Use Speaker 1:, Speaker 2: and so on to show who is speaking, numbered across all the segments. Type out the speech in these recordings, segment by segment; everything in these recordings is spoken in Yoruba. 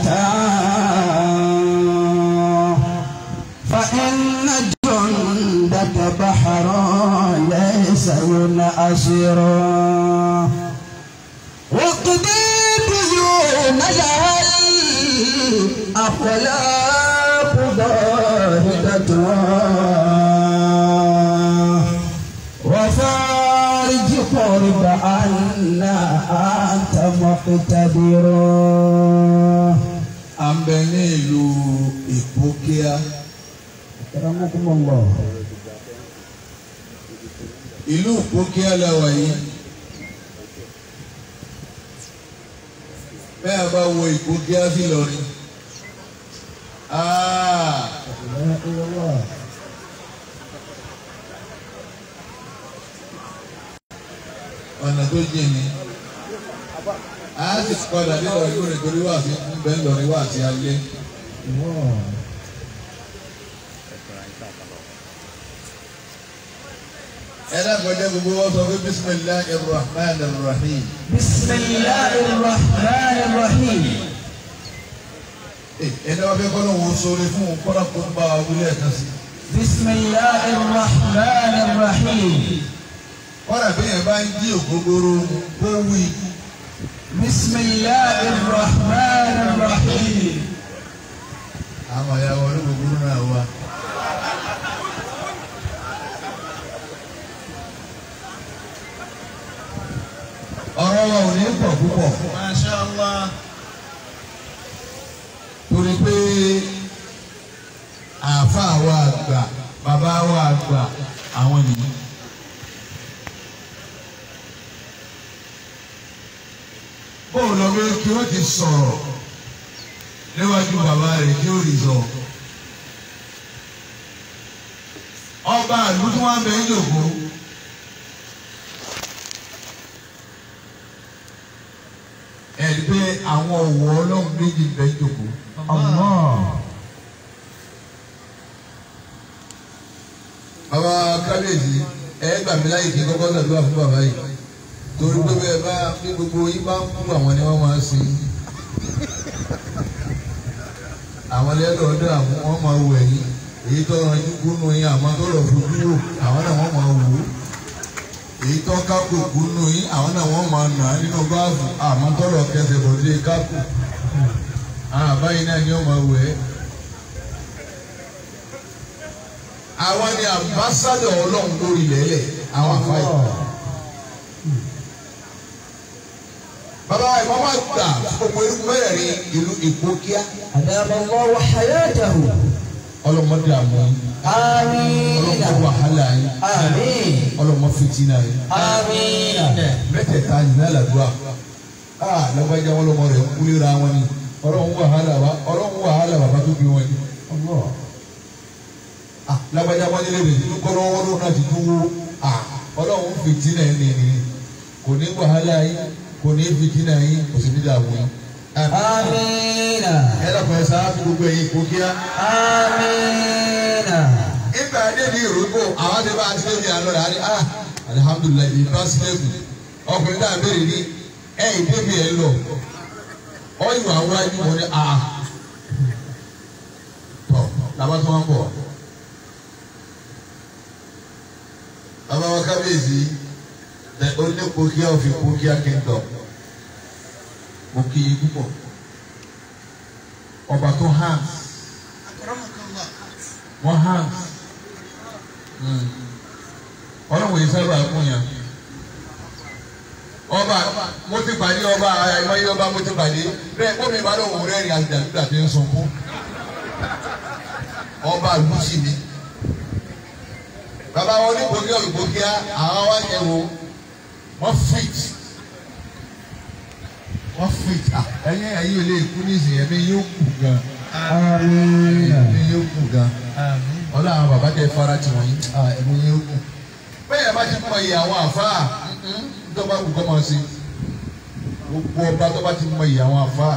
Speaker 1: فإن جندك بحر ليس ينأسر وقضيت يوم العلي أخلاق ظاهرة وفارج قرب أن أنت مقتدر
Speaker 2: à ń bẹ ní ìlú Ìpókíà. ìlú Ìpókíà la wà yìí. bẹ́ẹ̀ bá wo Ìpókíà sí Ìlọrin. ọ̀nà tó jìn ní a ti padà dé lọ ìkórè torí wà sí bẹ́ẹ̀ lọ́rin wà sí alé. ẹlẹ́kọ̀ọ́jẹ́ gbogbo wọn sọ pé bisimilahi rahman rahim. bisimilahi rahman rahim. Eh, ẹni wàá fẹ́ kọ́ ló wọ́n sórí fún un kọ́ra kó ń bá wa wúlẹ̀ kan sí. bisimilahi rahman rahim. kọ́ra bí yẹn bá ń jí ògógóró kó wí. بسم الله الرحمن الرحيم àwọn ìyá wọn olóògùn burú náà wá. ọ̀rọ̀ wa ò ní pọ̀ púpọ̀. Masha Allah. torí pé àáfàá wa àgbà bàbá wa àgbà àwọn nìyí. bóun lọ bí kí ó ti sọ̀rọ̀ níwájú bàbá rẹ̀ kí ó rí sọ. ọba àlù tí wọ́n bẹ ń yòókù. ẹ̀rí àwọn ọ̀wọ́ ọlọ́run méjì bẹ ń yòókù. kábíyèsí ẹ gbà mí láyè kí n fún bàbá yìí torí pé bẹ́ẹ̀ bá ní gbogbo yín bá ń kú àwọn ni wọ́n máa sin àwọn lẹ́dọ̀ ọdún àwọn wọ́n máa wù ẹ̀yìn èyí tó ràn yín gúnnú yín àmọ́ tó lọ fojú wò àwọn náà wọ́n máa wù ú èyí tó kápò gúnnú yín àwọn náà wọ́n máa nà á nínú báàfù àmọ́ tó kẹsẹ̀ bọ̀ dé kápò náà ni wọ́n máa wù ẹ́. àwọn ni àmbásádọ̀ ọlọ́run lórí lẹ́lẹ̀ àwọn àfáyé bàbá wa ìfọwọ́ gbà òpó irúgbó mẹ́rẹ̀ẹ̀rin ìlú Èkó kíá. àdàbọ̀ mọ́ wàhálà dàrú. ọlọmọ dààmú yín. àmín. ọlọmọ wàhálà yín. àmín. ọlọmọ fìtínà yín.
Speaker 3: àmín.
Speaker 2: mẹ́tẹ̀ẹ̀ta yìí náà làdúrà. aa lọ́gbàjà wọn lọmọ rẹ̀ ń kúlé ra wọn ni ọlọ́run wàhálà wa ọlọ́run wàhálà bàbá tó bí wọn ni. lọ́gbàjà wọn nílé rẹ̀ nínú kọ́rọ́ wọn náà ti dúró. ọlọ́run fìtínà yín nìyí kò ní wàhálà yín kò ní fi dínà yín kò sì fi dà yín. amiina. ẹ lọ́kọ̀ ẹ sáà fi gbogbo ẹ̀yin kó kíá. amiina. ìgbà débi ìrúgbó àwọn tí bá ti débi àlọ́ rẹ̀ á ní ah alihamudulilayi sílẹ̀kù ọkùnrin náà béèrè ní ẹ̀ ìdébi ẹ̀ lọ ọyún àwọn ẹni wọn ni ah tọ làbá tó wọn bọ bàbá wa kábíyèsí ẹ oníkókíá òfin kókíá kingdom mo kí i púpọ̀ ọba tó hands wọ́n hands hmm. ọlọ́run yìí sábà fún yàn ọba mo ti pàdé ọba àìmọye ọba mo ti pàdé bẹ́ẹ̀ gómìnà ìbálò òun rẹ́rìn àti dàgbà tí ń sunkún ọba àlùsí mi bàbá wọn ní gbòógì ọ̀lùgbòógì àwọn wáyé wo wọ́n fit fit ẹyin ẹyin ò lè kú nísìnyí ẹ̀mí yóò kù gan ẹ̀mí yóò kù gan ọlọ́ àwọn bàbá tẹ fara tí wọ́n yí ẹ̀mí yóò kù bẹ́ẹ̀ bá ti mọ iye àwọn àfáà ntọ́ba kù kọ́mọ sí gbogbo ọba tọ́ba ti mọ iye àwọn àfáà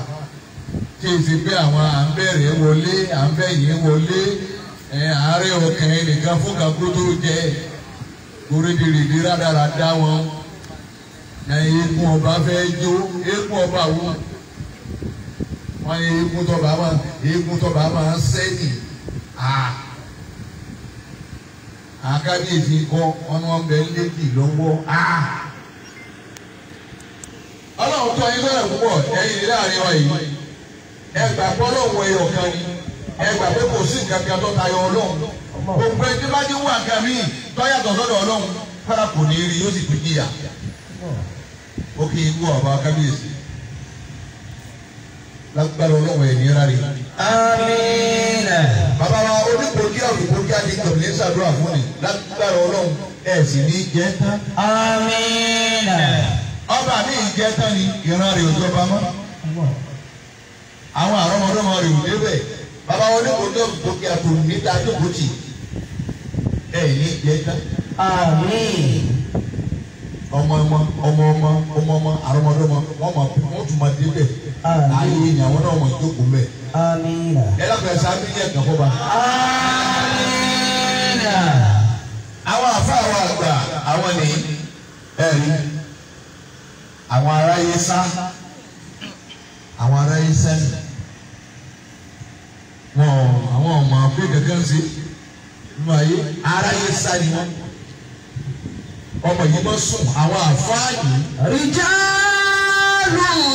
Speaker 2: kí n fi bẹ́ àwọn à ń bẹ̀rẹ̀ wọlé à ń bẹ̀yẹ wọlé àárẹ̀ ọkàn ẹnìkan fún kakúrú tó jẹ orídìrídì rádaràdá wọn ẹ̀yin ikun ọba fẹ́ jó eégún ọba wò wọ́n yẹ eégún tọba máa eégún tọba máa sẹ́yìn a àkábíyèsí kọ́ ọ̀nà ọbẹ̀ lẹ́kì lọ́wọ́ a ọlọ́run tó ayé lọ́rẹ̀ púpọ̀ ẹ̀yin láàrin wa yìí ẹ gbà pé ọlọ́run ẹyọ kan ni ẹ gbà pé kò sí nǹkan kan tó tayọ ọlọ́run gbogbo ẹni tó bá dé wà kàmí tó ọlọ́run fara kò ní rí yóò sì tún jìyà ó kí n wọ àbá kábíyèsí lágbára ọlọ́wọ́ ẹ̀ nira rẹ̀. amiina. bàbá wa oníkòkí àwòkòkí àti gbọ̀nlé ṣàdúrà fún ni lágbára ọlọ́wọ́ ẹ̀ sì ní jẹ́ tán. amiina. ọba mi jẹ́ tán ni ìran rẹ̀ òjò bá mọ́. àwọn àrọ́mọdọ́mọ rẹ̀ ò débẹ̀ bàbá wa oníkòkí àwòkòkí àti gbọ̀nlé ṣàdúrà fún ni ẹ̀ ní jẹ́ tán. amiina ọmọ ọmọ ọmọ ọmọ ọmọ ọmọ àrọmọdọ́mọ wọn ma wọn tún ma dé bẹ ayé ni àwọn náà wọn jókòó bẹ. amiina. ẹ lọ́kọ̀ ẹ̀ sá mi ní ẹ̀kan fọba. amiina. àwọn afa àwọn àgbà àwọn ni ẹ rí àwọn aráyé sá àwọn aráyé sá wọn àwọn ọmọ àgbẹ̀ kankan sí nínú ayé aráyé sá ni wọn ọmọ yìí ló sùn àwọn àfáàní. ríjà
Speaker 1: lùwọ́ ni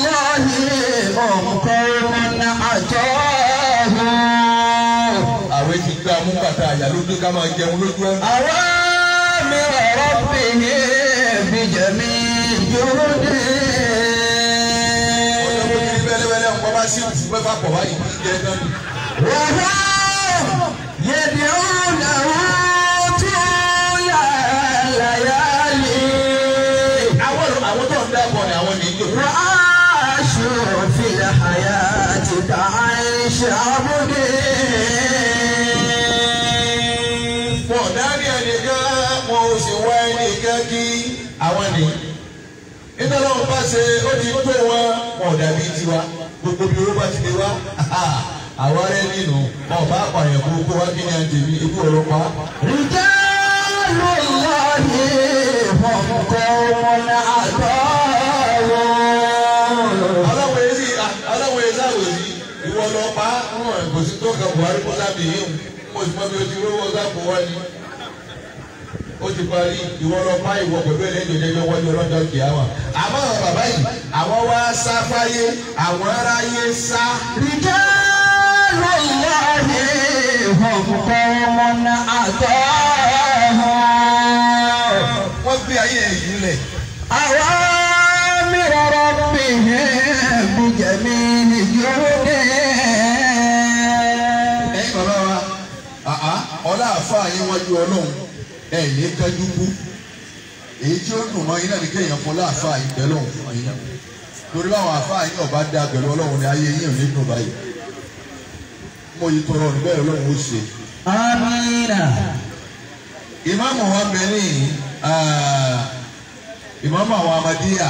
Speaker 1: ọ̀nkọ́rọ́nà
Speaker 2: àjọ ọ̀hún. àwọn ti gbé amúgbàtà àyà lójú ká máa jẹun lójú ẹ. àwa mi ọ̀rọ̀ bì ní bìjẹ̀mí
Speaker 1: yóò dé. ọ̀dọ́ mo ti bẹ́lẹ́bẹ́lẹ́ ọ̀pọ̀ bá sí òtún mẹ́fà pọ̀ báyìí kí jẹ́ náà. wàhálà yẹ̀dẹ̀ ọ̀hún làwọn.
Speaker 2: ṣe ó di tó wọn wọn ò dàbí tiwa gbogbo bí owó bá ti lè wá àwọn ará ẹni ọba àpààyàn kó kó wá kí ni ikú ọ̀rọ̀ pa.
Speaker 1: ǹjẹ́ ló lọ ní ìfọ̀nkọ́ wọn àgbọ̀ wọn. aláwọ̀
Speaker 2: èsì aláwọ̀ èsì àwòsí ìwọ lọ pa kò sí tó kà Buhari kó sábì yìí mo sì mọ bí o ti rówó sábò wá ni ó ti parí ìwọ lọ bá ìwọ pẹ̀lú ẹlẹ́jọ jẹjọ wọ́n ní ọlọ́jọ́ kìáwà. àmọ́ àwọn bàbá yìí àwọn wá sá fáyé àwọn aráyé sá. ìjọ ló yá mi ọ̀pọ̀ ọmọ náà àtọ́. wọ́n gbé ayé ẹ̀ yìí lẹ̀.
Speaker 1: àwa mi rọrọ bí bùjẹ́ mi nìyóò dé.
Speaker 2: ẹ̀yin bàbá wa ọlá àfáà yín wájú ọlọ́run ẹ ní kájú kú èyí tí ó dùn mọ́ iná ní kéèyàn fún láàfáà yìí fún yín torí báwọn àfáà yìí ọba dá pẹ̀lú ọlọ́run ní ayé yín ò ní dùn báyìí mo yìí tọrọ níbẹ̀ ọlọ́run ó ṣe. amina. ìmáàmù wa bẹ ìmáàmù àwọn amadíyà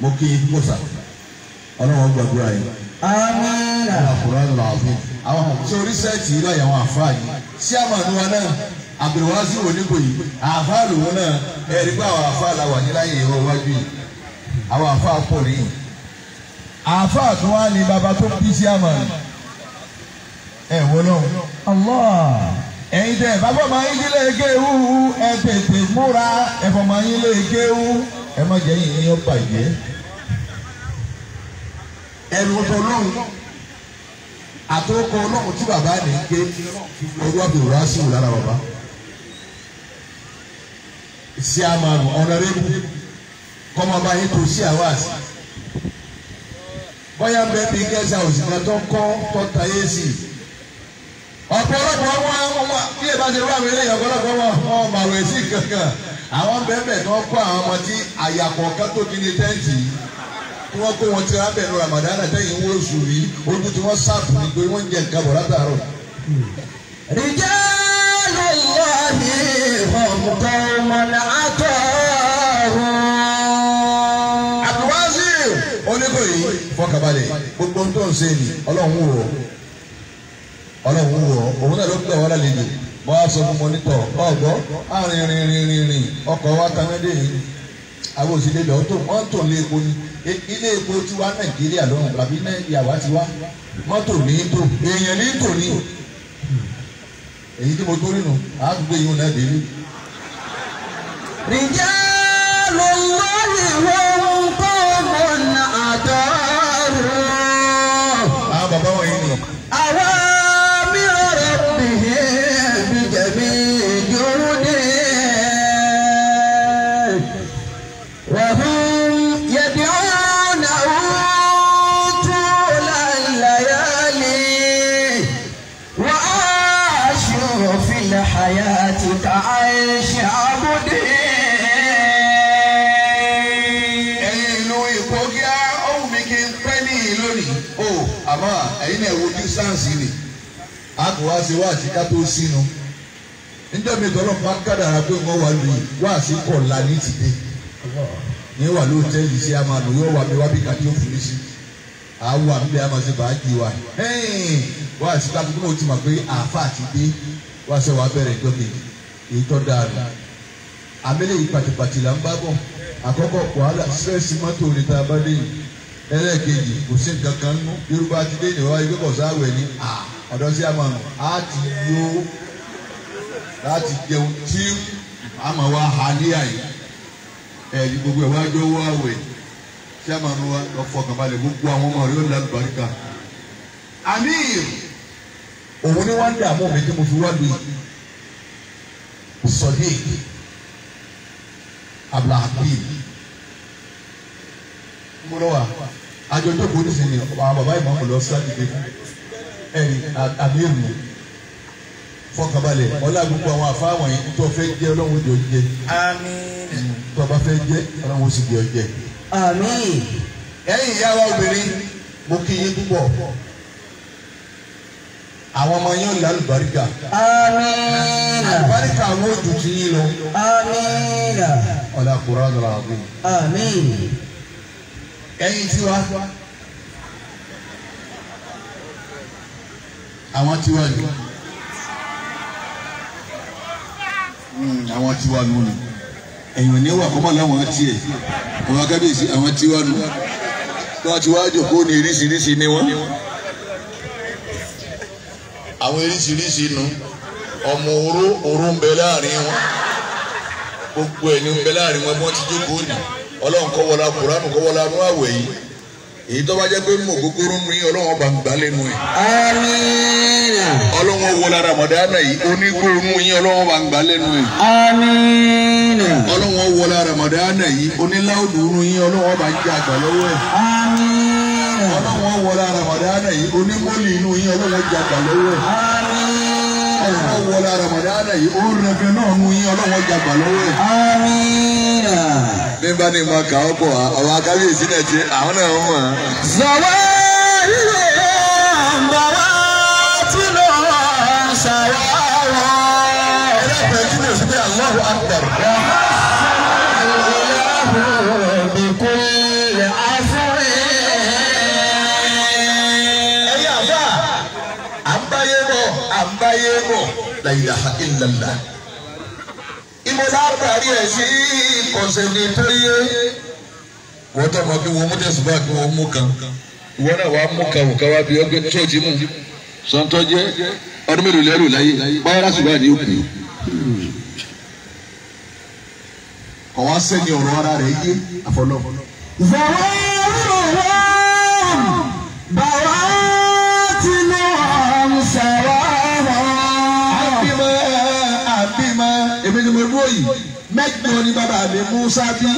Speaker 2: mo kí i mọ́sà ọlọ́run gbàdúrà yìí. amina. àwọn àkùrọ̀ ẹ̀ lọ́wọ́ àwọn sórí sẹ́ẹ̀tì yìí láyàwó yìí síàmánù wa náà àbẹ̀wáṣí onígbòyí àáfà lòun náà ẹ̀rí pé àwọn àáfà la wà níláyè ìwọ wájú yìí àwọn àáfà pọ̀ nìyí àáfà tó wá ní bàbá tó bí síàmánù ẹ̀ wọ́n náà ẹ̀yin tẹ bàbá ọmọ yín lé kéwú ẹ tètè múra ẹ̀fọ́ ọmọ yín lé kéwú ẹ má jẹ́ yìnyín ọgbà yẹ. ẹ̀rù tó lóhùn àtòkọ ọlọ́run tí bàbá ní gbé orú àbẹ̀wò wá sí ìlànà bàbá sí àmàlù ọ̀nàrẹ́bù kọ́mọba yìí tó sí àwáàsì bóyá ń bẹ bí gẹ́sà òsìkà tó kọ́ tó ta yé sí ọ̀pọ̀lọpọ̀ wọn wọn bí ẹ bá ṣe wá mi lẹ́yìn ọ̀pọ̀lọpọ̀ wọn wọn màwé sí kankan àwọn bẹ́ẹ̀ bẹ́ẹ̀ tó kọ́ àwọn ọmọ tí àyàkọ̀ kátó kí ni tẹ́ǹtì yìí tí wọ́n kó wọn ti rábẹ̀ ní Ramadan àtẹ̀yìn wọ́n oṣù yìí ojú tí wọ́n sáàpù ní pé wọ́n ń jẹ nǹkan bọ̀ látàárọ̀. rìjẹ́
Speaker 1: lọ́yọ̀ọ́hì ọ̀mùkọ́ mọ̀nà àtọ̀rọ̀.
Speaker 2: àbúwáṣí oníkòyí fọkàbalẹ̀ gbogbo tó ń ṣe ni ọlọ́run wò ó ọlọ́run wò ó òun náà ló gbẹ̀ wọ́n lálejò bọ́ a sọ fún mọ nítọ̀ ọ̀gbọ́ arìnrìnrìnrìn ọkọ̀ wa tamẹ́dẹ́ yìí àwọn òṣèlè ilé epo ti wá nàìjíríà lọ́wọ́ àbí ìyàwó ti wá mọ́tò ní tò èèyàn ní tò ní èyí tí mo tó rí nù á tún náà délé. ǹjẹ́
Speaker 1: ló ń wá ìwé ohun tó mọ̀ ní àdá
Speaker 3: àwọn bàbá wọ̀nyí.
Speaker 2: kò wá ṣe wáàsí ká tó sínú níjọ́ mi tọ́lọ́ pa kádàrà pé wọ́n wà lóye wáàsí kọ̀ la ní tìde ní wà lóòtẹ́ẹ̀lì sí amánu yóò wà mí wá bí kàdí òfurufú sí àwa ń bẹ amase bàájì wa wá sí ká tó ti mọ̀ pé àáfà ti dé wá sẹ́ wàá bẹ̀rẹ̀ ìjọ kejì ìtọ́ dàrú àmẹ́lẹ̀ yìí pàtìpàtì là ń bá bọ̀ àkọ́kọ́ wàhálà sírẹ́sì mọ́tò ní tá a ẹlẹ́ẹ̀kejì kò sí nǹkan kan nú yorùbá ti dé ìnáwó ayé pé kò ní àá ọ̀dọ̀ tí a máa nù á ti yó láti jẹun tí a máa wá ha ní àyè ẹ̀yìn gbogbo ẹ̀ wá jọ wá wẹ̀ tí a máa nù wá lọ fọkàn balẹ̀ gbogbo àwọn ọmọ rẹ̀ yóò lọ àlùbáríkà. amir òun ni wọ́n ń dààmú mi tí mo fi wá lu yìí sọdíì mo lọ wa àjọjọ́ kò ní sinmi ọba bàbá ìmọ̀ ọ̀pọ̀lọpọ̀ sáà ti dé fún mi ẹ̀rí àmírù fọkànbalẹ̀ ọlá gbogbo àwọn àfáwọn yìí tó fẹ́ jẹ́ ọlọ́run jọ jẹ. àmín. Mm, tó bá fẹ́ jẹ́ ọlọ́run sì jọ jẹ. àmín. ẹ̀yin ìyá wa obìnrin mo kí yín púpọ̀ àwọn ọmọ yín ò lè alùbáríkà. àmín. alùbáríkà àwọn ò dùn sí yín lọ. àmín. ọ̀la kura dọ̀rọ̀ àbú. àmín. ẹ̀yin tiwa. àwọn tiwa yìí hmm, àwọn tiwa nù ni ẹ̀yìn ní wà kọ́mọ́ láwọn tiẹ̀ àwọn kábíyèsí àwọn tiwa nù wọ́n ti wá jòkó ní irísirísi ni wọ́n àwọn irísirísi nù ọmọ oró oró ń bẹ láàrin wọn gbogbo ẹ̀ ní ń bẹ láàrin wọn bí wọ́n ti jókòó ní ọlọ́run kọ́ wọlá kùránù kọ́ wọlá nú àwẹ̀ yìí èyí tó bá jẹ́ pé mò kúkúrú nu ọlọ́wọ́n bá lẹ́nu ẹ̀. ọlọ́wọ́n wo la ramadana yìí oníkúrú nu ọlọ́wọ́n bá lẹ́nu ẹ̀. ọlọ́wọ́n wo la ramadana yìí oníláwùdù nu ọlọ́wọ́n bá jẹ àgbà lọ́wọ́ ẹ̀. ọlọ́wọ́n wo la ramadana yìí onímọ̀lì nu ọlọ́wọ́n jẹ àgbà lọ́wọ́ ẹ̀ wọlé Ramadana yìí òun rẹ̀fẹ̀ náà nu yín ọlọ́wọ́ jàgbà lọ́wọ́ ẹ̀. àmín. bí bá ní ma kà ọ́ pọ̀ àwọn akábíyèsí náà ti àwọn náà ń wọ̀n. sọ̀wọ́
Speaker 1: ilé ọ̀gbọ̀wọ́ tí ló ń ṣàwọ́ ọ̀rọ̀. ẹ̀rọ ìpè kí ni òṣìṣẹ́ Allahu Akbar.
Speaker 2: ilaha illallah ibo látàrí ẹ̀ sí ìkọ̀sẹ̀ ní péye wọ́n ma kí wọ́n mú tẹ̀sí báà kí wọ́n mú kan wọ́n náà wàá mú kan wò ká wá bí ọgbẹ́ chọ́ọ̀chì mú sọ́ńtọ́jẹ́ ọdún mélòó lẹ́rù láyé báyọ̀ lásìkò àdé òkú ọ̀wá sẹ́ni ọ̀rọ̀ ara rẹ̀ yé àfọlọ́. Zọ̀wọ́ wọ́n bàwá. yìí mẹ́jọ ni bàbá mi Musa bí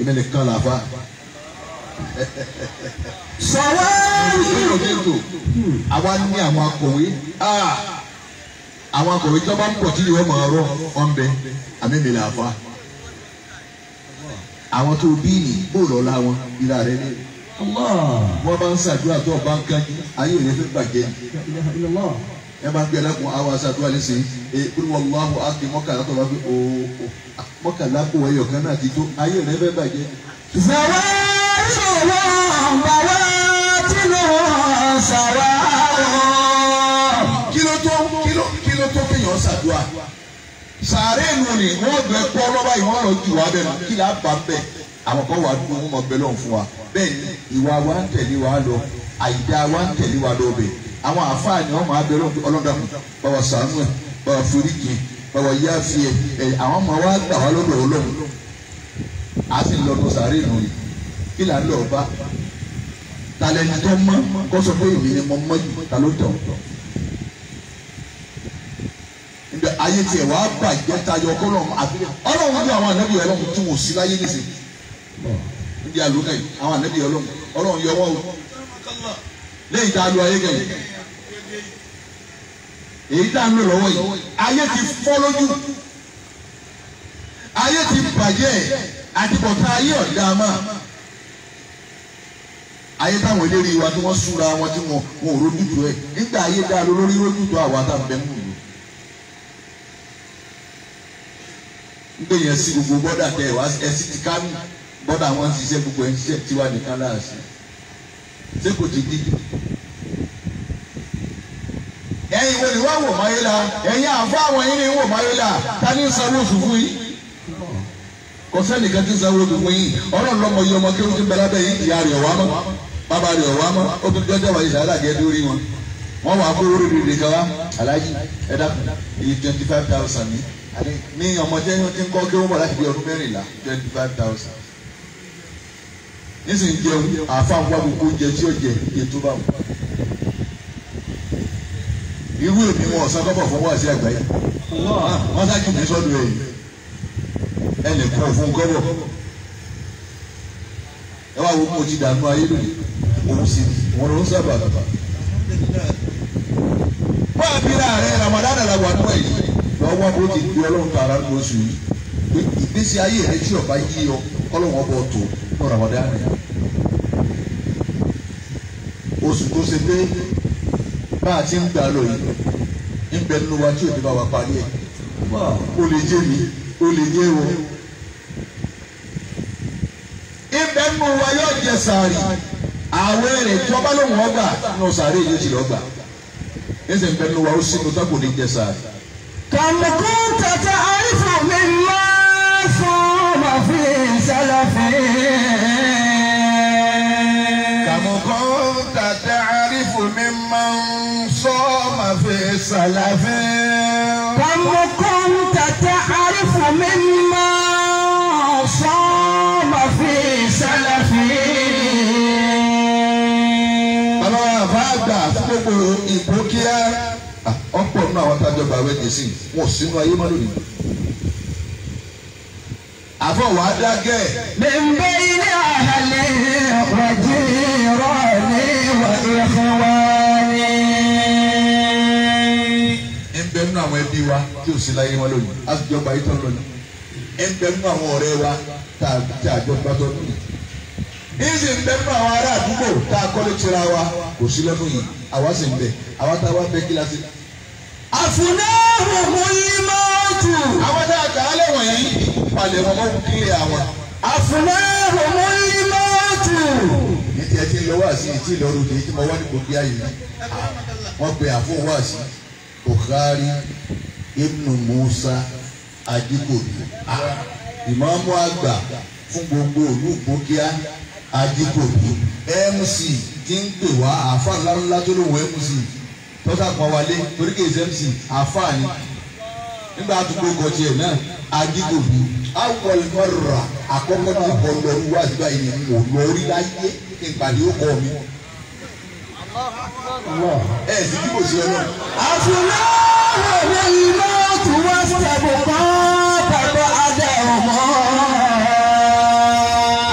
Speaker 2: èmi nìkan làfa. sọ̀wọ́ yìí. àwa ní àwọn akọ̀wé àwọn akọ̀wé tí wọ́n bá ń pọ̀ tí yìí wọ́n máa rọ ọ̀nbẹ àmì mi làfa àwọn tó bí ní bóòlù ọ̀la wọn ìlà rẹ ní. wọ́n bá ń ṣàdúrà tó ọba ń kájú ayé rẹ fẹ́ bàjẹ́ ẹ máa gbé ẹlẹ́kùn àwọn aṣáájú alẹ́ sè é kúrú wọn lọ́wọ́ àwọn akéwì mọ́kànlá tó bá fi o mọ́kànlá kó ẹyọ kan náà ti tó ayé rẹ bẹ́ẹ̀ bàjẹ́. zàwá ṣòwò bàwá tí ló ṣàwá wọ. kí ló tó kí ló kí ló tó kéèyàn ṣàdúrà sàárè nù ni wọn gbẹ kọ lọba yìí lọ jù wá bẹ́ẹ̀ kí là bá bẹ́ẹ̀ àwọn kan wà dùn wọn mọ bẹ́ẹ̀ lọ àwọn àfáà ni wọ́n máa bẹ̀rẹ̀ ọlọ́dàmù báwa sànú ẹ̀ báwa foríjì báwa yá fi ẹ̀ àwọn máa wá gbà wá lọ́dọ̀ ọlọ́run a sì ń lọ́dún sàárè nù yìí kí là ń lọ bá talẹ́ni tó mọ́ kó sọ pé èmi ni mo mọ́ yìí ta ló tọ̀ ǹdẹ ayé tiẹ̀ wàá bàjẹ́ tayọ kọ́lọ́mù àbí ọlọ́run bí àwọn ànábì ọlọ́run tún wò sí láyé nìsín ǹdí àlùkà àwọn ànábì ọlọ́run ọlọ́run yọ wọ́n o lẹ́yìn tá a lu ayé kẹ́yìn èyí tá a ń lò lọ́wọ́ yìí ayé ti fọ́ lójú ayé ti bàjẹ́ àtibọ̀tá ayé ọ̀dà máa ayé táwọn eléré wa tí wọ́n súra wọn tí wọn wọn ò rójútu ẹ̀ nígbà ayé dáa lórí rójútu àwọn àtàbẹ̀mú yìí. ń gbé yẹn sí gbogbo bọ́dà tẹ ẹ̀ wá ẹsì ti ká mi bọ́dà wọn ń ṣiṣẹ́ gbogbo ẹ̀ ń ṣiṣẹ́ tiwa nìkan láàṣì ṣé kò ti di ìwé ni wọ́n wò máyé la ẹ̀yin àfọ àwọn yìí ni wọ́n máyé la ta ni sanwó oṣù yìí kò sẹ́ni kan ti sanwó oṣù yìí ọ̀rọ̀ lọ́mọ yìí ọmọ kí wọ́n ti bẹ̀rẹ̀ abẹ́ yìí ìyá rẹ̀ wá mọ́ bàbá rẹ̀ wá mọ́ obìnrin jọjọ́ wà yìí sàrà gẹ́ lórí wọn wọ́n wà kó orí rèé kan wá aláàjì ẹ dákun èyí twenty five thousand ni ní ọmọ jẹ́ ti ń kọ́ kí wọ́n bọ̀ láti bí ọdún mẹ́rìnlá twenty five thousand nísìnyí jẹun àfa wà gbogbo oúnjẹ tí ó jẹ ètò báwọn irú èmi wọn ọ̀sán kọ́bọ̀ fún wáàsí àgbáyé wọ́n sáájú mi sọ́dọ̀ ẹ̀yìn ẹnì kan fún kọ́bọ̀ ẹ wá wo mo ti dànù ayé lónìí òun sì wọn ló ń sábà bàbà. wọ́n á bí láàrin Ramadan làwọn àánú ẹ̀ yìí wọ́n wá bó ti gbé ọlọ́run tààrà ní oṣù yìí ìgbésí ayé rẹ tí ọba yí ọ kọ́lọ́wọ́n bọ̀ tó ní Ramadan oṣù tó ṣe pé bá a ti ń gbà lọ yìí ń bẹ nínú wa tí òde bá wa parí ẹ̀ o lè jẹ́ mi o lè jẹ́ o. ń nínú wa yóò jẹ sàárì àwẹ̀ rẹ̀ tí wọ́n bá lóun ọgbà nínú sàárì yìí ti lọ́gbà ẹsẹ̀ ń nínú wa ó sínú tako ní jẹ sàárì.
Speaker 1: kàmùkú tata àìsàn mi máa fún màfin sálàfin. سلف كم كنت تعرف مما صاب في سلفي àwọn àbáàgbà fún
Speaker 2: gbogbo ìgbókíá ọ̀pọ̀ nínú àwọn tájọba rẹ̀ dé sí wọn ò sínú ayé mọ́ lónìí. àbọ̀ wà á dágẹ́.
Speaker 1: bẹ́ẹ̀ bẹ́ẹ̀ ilé àhàlẹ́ ọ̀pọ̀ jẹ́ ìrọ̀lẹ́ ìwà
Speaker 2: ìfẹ́ wa. nínú àwọn ẹbí wa tí ò sí láyé wọn lónìí a sì jọba yìí tán lónìí ẹ ń bẹ nínú àwọn ọ̀rẹ́ wa tá a jọba tán lónìí ìsì ń bẹ nínú àwọn ará àdúgbò tá a kọ́lé tira wa kò sí lọ́dún yìí àwa sì ń bẹ àwa tá a wá bẹ kíláàsì. àfúnáhùnmù
Speaker 1: yìí máa tù. àwọn tá a kà á lẹ̀ wọ̀nyí
Speaker 2: palẹ̀ wọn mọ́ kílẹ̀ àwọn. àfúnáhùnmù yìí máa tù. ní tiẹ̀ tí ń lọ wá i tí ìlọrùn kì í tí mo wá ní gbogbo Bukhari ibnu Musa Ajíkòbí ah, ìmáàmù àgbà fún gbogbo ìlú Bókíá Ajíkòbí MC ti ń pè wá àáfà ńláńlá tó lòun MC tọ́sà pa wálé torí kì í ṣe MC àáfà ni nígbà àdúgbò kọ̀ọ̀tì ẹ̀ náà Ajíkòbí awọl mọ́ra àkọ́kọ́ náà kọ́ lọ́rùú wá síbáyìí ni mo lọ rí láyé nígbà tí mi ẹ fi kíkò sí ọlọ. àfúnáwò ní
Speaker 1: iná tó wá sẹ́gun kan bàbá adé ọmọ.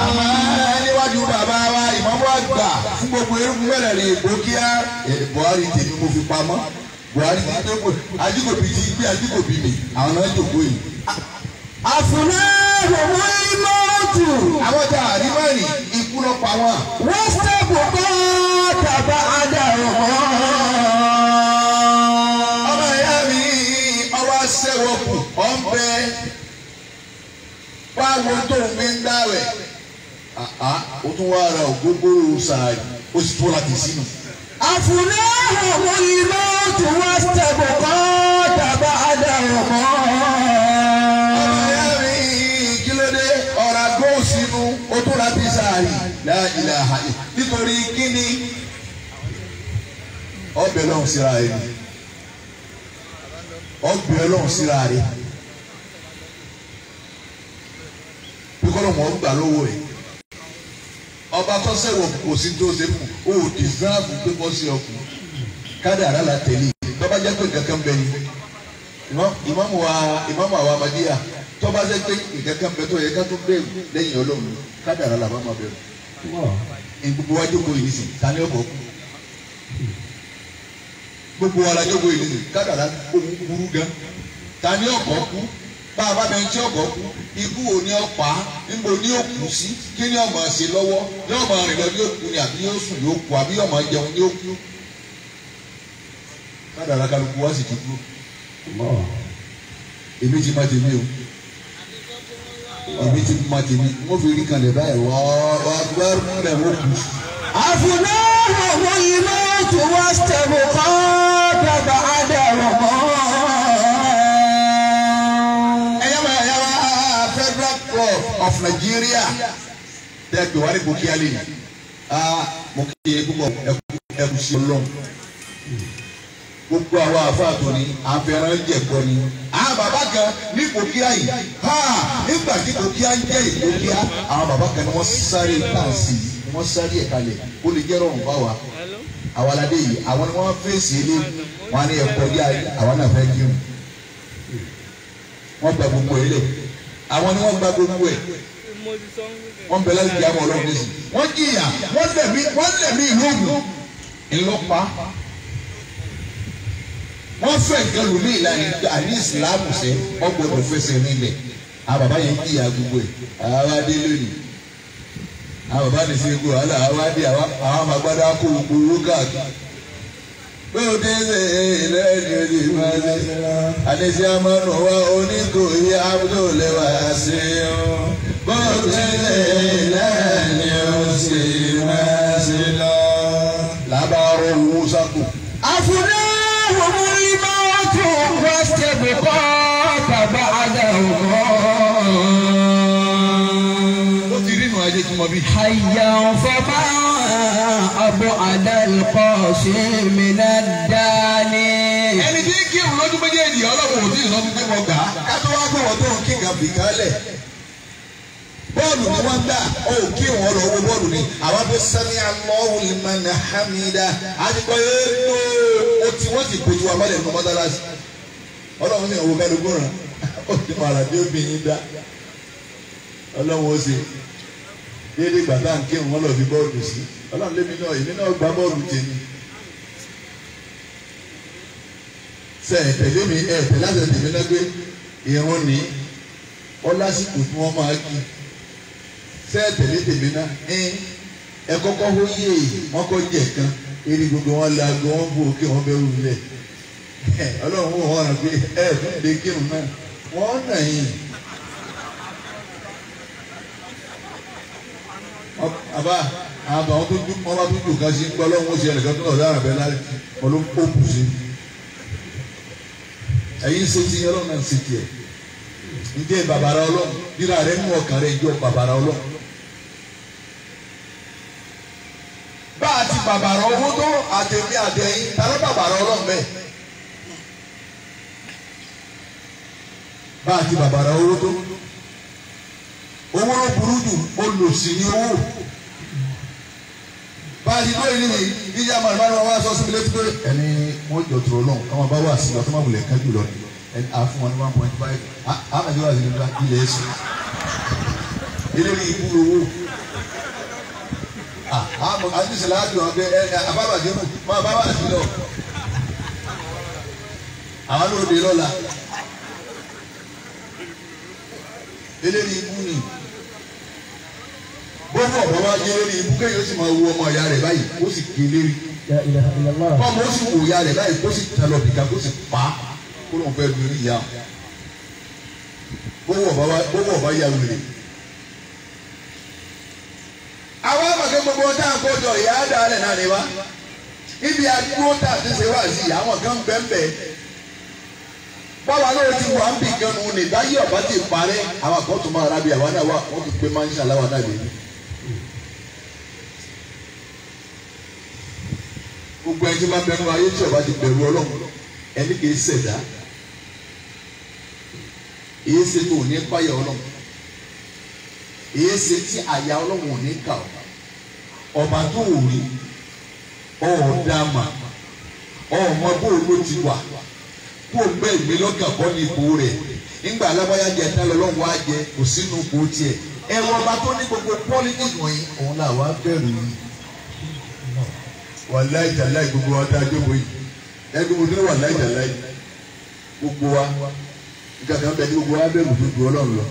Speaker 2: àmọ́ níwájú bàbá wa ìmọ̀mọ́ àgbà fún gbogbo eégún mẹ́rẹ̀ẹ̀rin èkó kíá Buhari tèmi mo fi pamọ́ Buhari ti dé pé ti gbé Ajíkòbí mi àwọn náà jòkó yìí. àfúnáwò
Speaker 1: wò wọ́n rí mọ́ọ̀tù. àwọn ọjà àríwárì ikú lọ pa wọn. wọ́n ṣẹ́gun bọ́ tàbá ajá
Speaker 2: o tún tó láti sínú.
Speaker 1: àfùnáhùn mo ní mọ́ọ̀tù wọ́n ṣẹ́gun bọ́ tàbá
Speaker 2: ajá ọ̀hún. láìláha nítorí kíni ọbẹ̀ lọ́hùn síra rẹ̀ ọbẹ̀ lọ́hùn síra rẹ̀ bíkọ́lọ̀ wọn gbà lọ́wọ́ rẹ̀ ọba tọ́sẹ̀wọ̀ kò sí tó ṣe fún o ò dìsáàbù pé kọ́ sí ọkùn kádàrá la tẹ̀lé bàbá jẹ́ pé kankan bẹ ni ìmáàmù wa ìmáàmù àwa Ahmadiyya tọ́ba jẹ́ pé kankan bẹ tó yẹ ká tó bẹ̀rù lẹ́yìn Ọlọ́run kádàrá la bá máa bẹ̀rù gbogbo wa jókòó yìí nísìnyí tani ọkọ gbogbo wa la jókòó yìí nísìnyí kádàrá ohun burú gan tani ọkọ kú bá a bá bẹ ń tí ọkọ kú ikú wo ni ọpa níbo ni ó kú sí kí ni ọmọ ṣe lọ́wọ́ ni ọmọ rìn lọ ni ó kú ni àbí yóò sùn yóò kú àbí ọmọ jẹun ni ó kú kádàrá kálukú wa sì ti dúró èmi ti má tèmi o èmi ti mọ tèmi mo fi rí kan lè báyìí wọ́ ọ́ gbẹ́rù lẹ̀ mo kù.
Speaker 1: àfúná àwọn ilé tí wọ́n ṣẹ̀wò kọ́ dàgbà àdẹ̀rọ̀ mọ́. ẹ̀yẹ́wà ẹ̀yẹ́wà Federal Club
Speaker 2: of Nigeria tẹ́ pé wàá rí kò kí á lè mo kí ẹ ẹ̀kú sí ọlọ́run gbogbo àwọn àfáàtò ni àfẹ́ràn jẹ̀kọ́ ni. àwọn bàbá kan ní kòkíá yìí ha nígbà tí kòkíá ń jẹ́ ìkòkíá àwọn bàbá kan ni wọ́n sáré táǹsì wọ́n sáré ẹ̀ kalẹ̀ ó lè jẹ́ rọrùn báwa àwọn aládé yìí àwọn ni wọ́n fèsì ilé wọn ní ẹ̀kọ́ yá àwọn náà fẹ́ kírun wọ́n gba gbogbo ẹ̀ lẹ̀ àwọn ni wọ́n gba gbogbo ẹ̀ wọ́n bẹ̀rẹ̀ láti di àwọn ọlọ́run wọ́n fẹ́ nǹkan lómi ìlànà àní ìsìlámù sẹ́ ọgbọ́dọ̀ fẹsẹ̀ nílẹ̀ àbàbá yẹn jìyà gbogbo ẹ̀ àwa dé lónìí àbàbá ní sí gbogbo àlà àwa dé àwa àwọn àgbàdo akó gbogbo owó káàkiri bẹ́ẹ̀ ọdẹ ṣe ilé ẹni ọdẹ máa ṣe àdéṣe amánu wa oníkòyí abúlé lẹ́wà ṣe bọ́ọ̀ ṣe ilé ẹni ọ̀ṣẹ́.
Speaker 1: عليا فما أبعد القاسم من الداني ẹni tí kí òun lọ́dún méjèèjì ọlọ́run
Speaker 2: ò tí ì lọ́dún pé wọ́n gbà á ká bọ́ọ̀lù ni wọ́n gbà ó kí wọ́n lọ wọ bọ́ọ̀lù ni àwọn tó sami Allahu liman hamida àdìgbò yóò ó tí wọ́n ti kojú abalẹ̀ ní mọ́tàlásì ọlọ́run ní ìwọ kálukú rẹ̀ ó ti mọ àràbí obìnrin dá ọlọ́run ó ṣe déédéé ìgbà tá à ń kírun wọn lọ fi bọ́ọ̀lù sí ọlọ́run lémi náà èmi náà gba bọ́ọ̀lù tèmi. sẹ ẹtẹlẹ mi ẹtẹlẹ àti ẹtẹlẹ náà gbé irun ní ọlásìkò tí wọn máa kí sẹ ẹtẹlẹ tèmi náà ẹn ẹ kọ́kọ́ hó yé e. wọn kọ jẹ kan eré gbogbo wọn la gbọ wọn bò kí wọn bẹ wù lẹ Ọlọ́run wọn hàn pé ẹ fún mi lè kírun náà wọn nà yín. aba aba wọn tó dún wọn bá tó dùn ká sí ń gbọ́ lọ́wọ́ sí ẹnìkan tó náà dára bẹ́ẹ̀ lárí wọn ló kó kù sí. ẹ̀yin ṣe ti yẹn lọ́nà ṣe tiẹ̀ ǹjẹ́ bàbàrà ọlọ́run rírà rẹ̀ mú ọkàn rẹ̀ jọ bàbàrà ọlọ́run. bá a ti bàbàrà owó tó àtẹ̀mí àtẹ̀yìn ta ló bàbàrà ọlọ́run bá a ti bàbàrà owó tó owó ló burú jù olùsí ni owó báyìí lóyún ní ìyá màlúwàlú wa sọ sí mi létí pé ẹni wọn jọ tòrò lọ àwọn bá wà sí ọtọ máa wulẹ̀ kájú lọ ni ẹni àfún wọn ní one point five àmàjọ wà nínú ilẹ̀ ẹ̀sìn eléyìí ibú owó àmọ́ àdìsẹlẹ àjọ ọgbẹ ẹ abáwàjẹ mọ báwàjẹ lọ àwọn ló dé lọ́la eléyìí ibú ni bọ́ọ̀mù ọ̀pọ̀ wá jẹ́ eléyìí ibú kéèyàn sì máa wo ọmọ ìyá rẹ̀ báyìí ó sì ké lérí kọ́mọ ó sì wò ìyá rẹ̀ báyìí kó sì tẹ̀lọ̀ bìkà kó sì pa kó lóun fẹ́ lu orí ìyá bọ́ọ̀mù ọ̀bá yà wèrè. àwa àmọ̀kẹ́ gbogbo ọ̀tá àkójọ ìyá àdáálẹ̀ náà ni wá ibi àdúgbò tà ti ṣe wá sí àwọn kan bẹ́ẹ̀ bẹ́ẹ̀ báwa náà ti wà ń bì gan nù ní ìdáyé ọ̀bá ti parẹ́ àwọn kan tó máa rábì àwa náà wà wọ́n ti pé máa ń ṣàlàwà náà lé ní. gbogbo ẹni tí wọ́n bẹ̀rù ayé tí ọba ti bẹ̀rù ọlọ́run ẹni kì í ṣẹ̀dá èyí ṣe tó ní páyà ọlọ́run èyí ṣe tí àyà ọlọ́run ò ní kà ọ́ ọba tó wù rí ọ̀ọ́dàmà ọ̀ọ́mọ bóòlù ti wà. kó o gbé ìgbé lọ́kàn kọ́ ní ipò rẹ̀ nígbà alábáyá jẹ tá lọ́lọ́run wá jẹ kò sínú ipò tiẹ̀ ẹ̀rọ ọba tó ní gbogbo pọ́lítì wọ̀nyí òun là wá bẹ̀rù yìí wà láì gbogbo wa tá a jókòó yìí ẹni mo wà láì gbogbo wa ní gbogbo wa bẹ̀rù ọlọ́run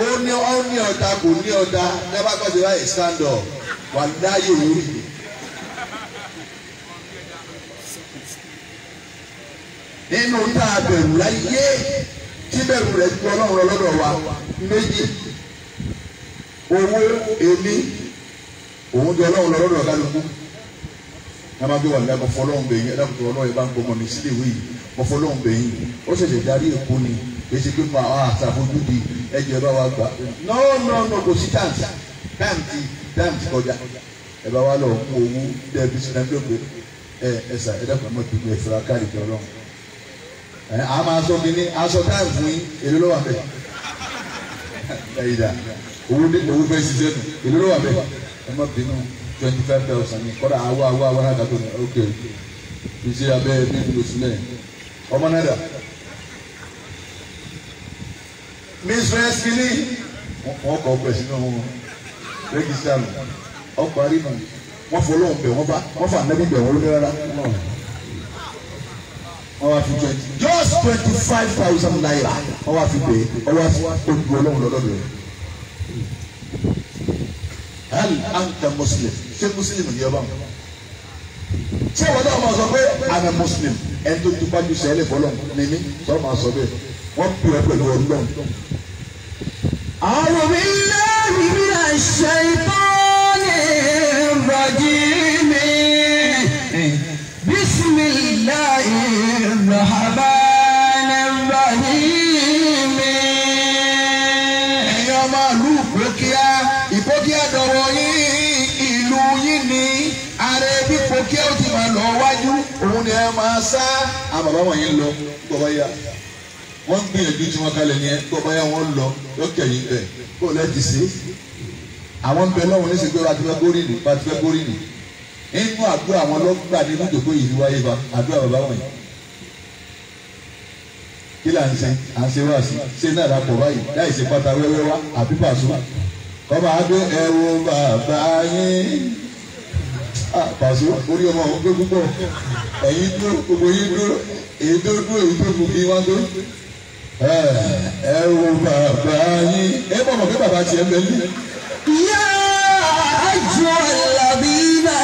Speaker 2: ó ní ó ní ọ̀dà kò ní ọ̀dà never got the right stand up wà láyé orí. nínú tá a bẹ̀rù láyé tí bẹ̀rù rẹ̀ ju ọlọ́run lọ́dọ̀ wa méjì owó èmi òun ju ọlọ́run lọ́dọ̀ kálukú nàmá bí wàlúwà kò fọlọ́hún bẹ̀yìn ẹ̀dá kò tó ọlọ́run yẹn bá ń gbọmọ ní sílẹ̀ wíyì kò fọlọ́hún bẹ̀yìn ó ṣẹ̀ṣẹ̀ darí èkó ni èsì pé mo àwọn àṣàfojúdi ẹjọ ẹ bá wa gbà nọ́ọ̀ nọ́ọ̀ nọ́ọ̀ kò sí táǹtì táǹtì táǹtì kọjá ẹ bá wa lọ mú owó dẹbi sinadóògbé ẹ ẹsà ẹ dẹkùn mọ tìlú ẹfura káàdì jọ lọ ẹ a máa sọ kí ni aṣọ táì fún yín èló ló wà bẹ ẹyìdà owó dé owó fẹ ṣiṣẹ́ nù èló ló wà bẹ ẹ má bínú twenty five thousand ní kọ́dà awọ awọ awọ náà dàgbọ́n ok fi ṣe abẹ́ bí mo sílẹ̀ ọmọ náà dà mistress kìíní wọ́n kọ́ ọgbẹ́ sínú rẹ́gísítà nù ọgbà rí nù wọ́n fọ lóhùn bá wọ́n fà nẹ́bí bẹ̀ wọ́n lórí rárá wọ́n wá fi jẹ just twenty five thousand naira wọ́n wá fi bẹ̀ wọ́n wá fi olùdó ọlọ́run lọ́dọ̀dọ̀ hali anta muslim ṣé muslim ni ọba mu ṣé wọ́n náà máa sọ pé i'm a muslim ẹni tó dúpájú sẹ́lẹ̀ fọlọ́ mímí sọ ma sọ bẹ́ẹ̀ wọ́n pè ọ́ pẹ̀lú ọdún náà.
Speaker 1: àwọn mi lẹ́rìí bí àṣẹ ìbọn.
Speaker 2: kí ẹ ti máa lọ wájú òun ni ẹ máa sá àbàbá wọ̀nyí lọ bọ́bá yá wọ́n ń gbìyànjú tí wọ́n kalẹ̀ yẹn tó báyà wọ́n lọ lókè yìí bẹ̀ kó o lẹ́ẹ̀dì sí. àwọn ń bẹ lọ́wọ́ ní sèpé wa ti fẹ́ górí nì wa ti fẹ́ górí nì. inú àdúrà àwọn lọ́gbà nínú ìdòkó yìí wáyé ba àdúrà bàbá wọ̀nyí. kí là ń ṣe à ń ṣe wá sí ṣé náà dàpọ̀ báyìí láì ṣe pátá wẹ́wẹ́ wá àbí pàṣọ. kọ́mọ adé ẹ wo bàbá yín. pàṣọ orí ọmọ òun gbé púpọ̀ ẹ̀yin dúró gbogbo yín dúró èyí tó dúró èyí tó kù kí wọ́n dúró ẹ wo bàbá yín ẹ bọ̀ mọ̀ pé bàbá tiẹ̀ bẹ̀ lé. yá
Speaker 1: àjọ làbí náà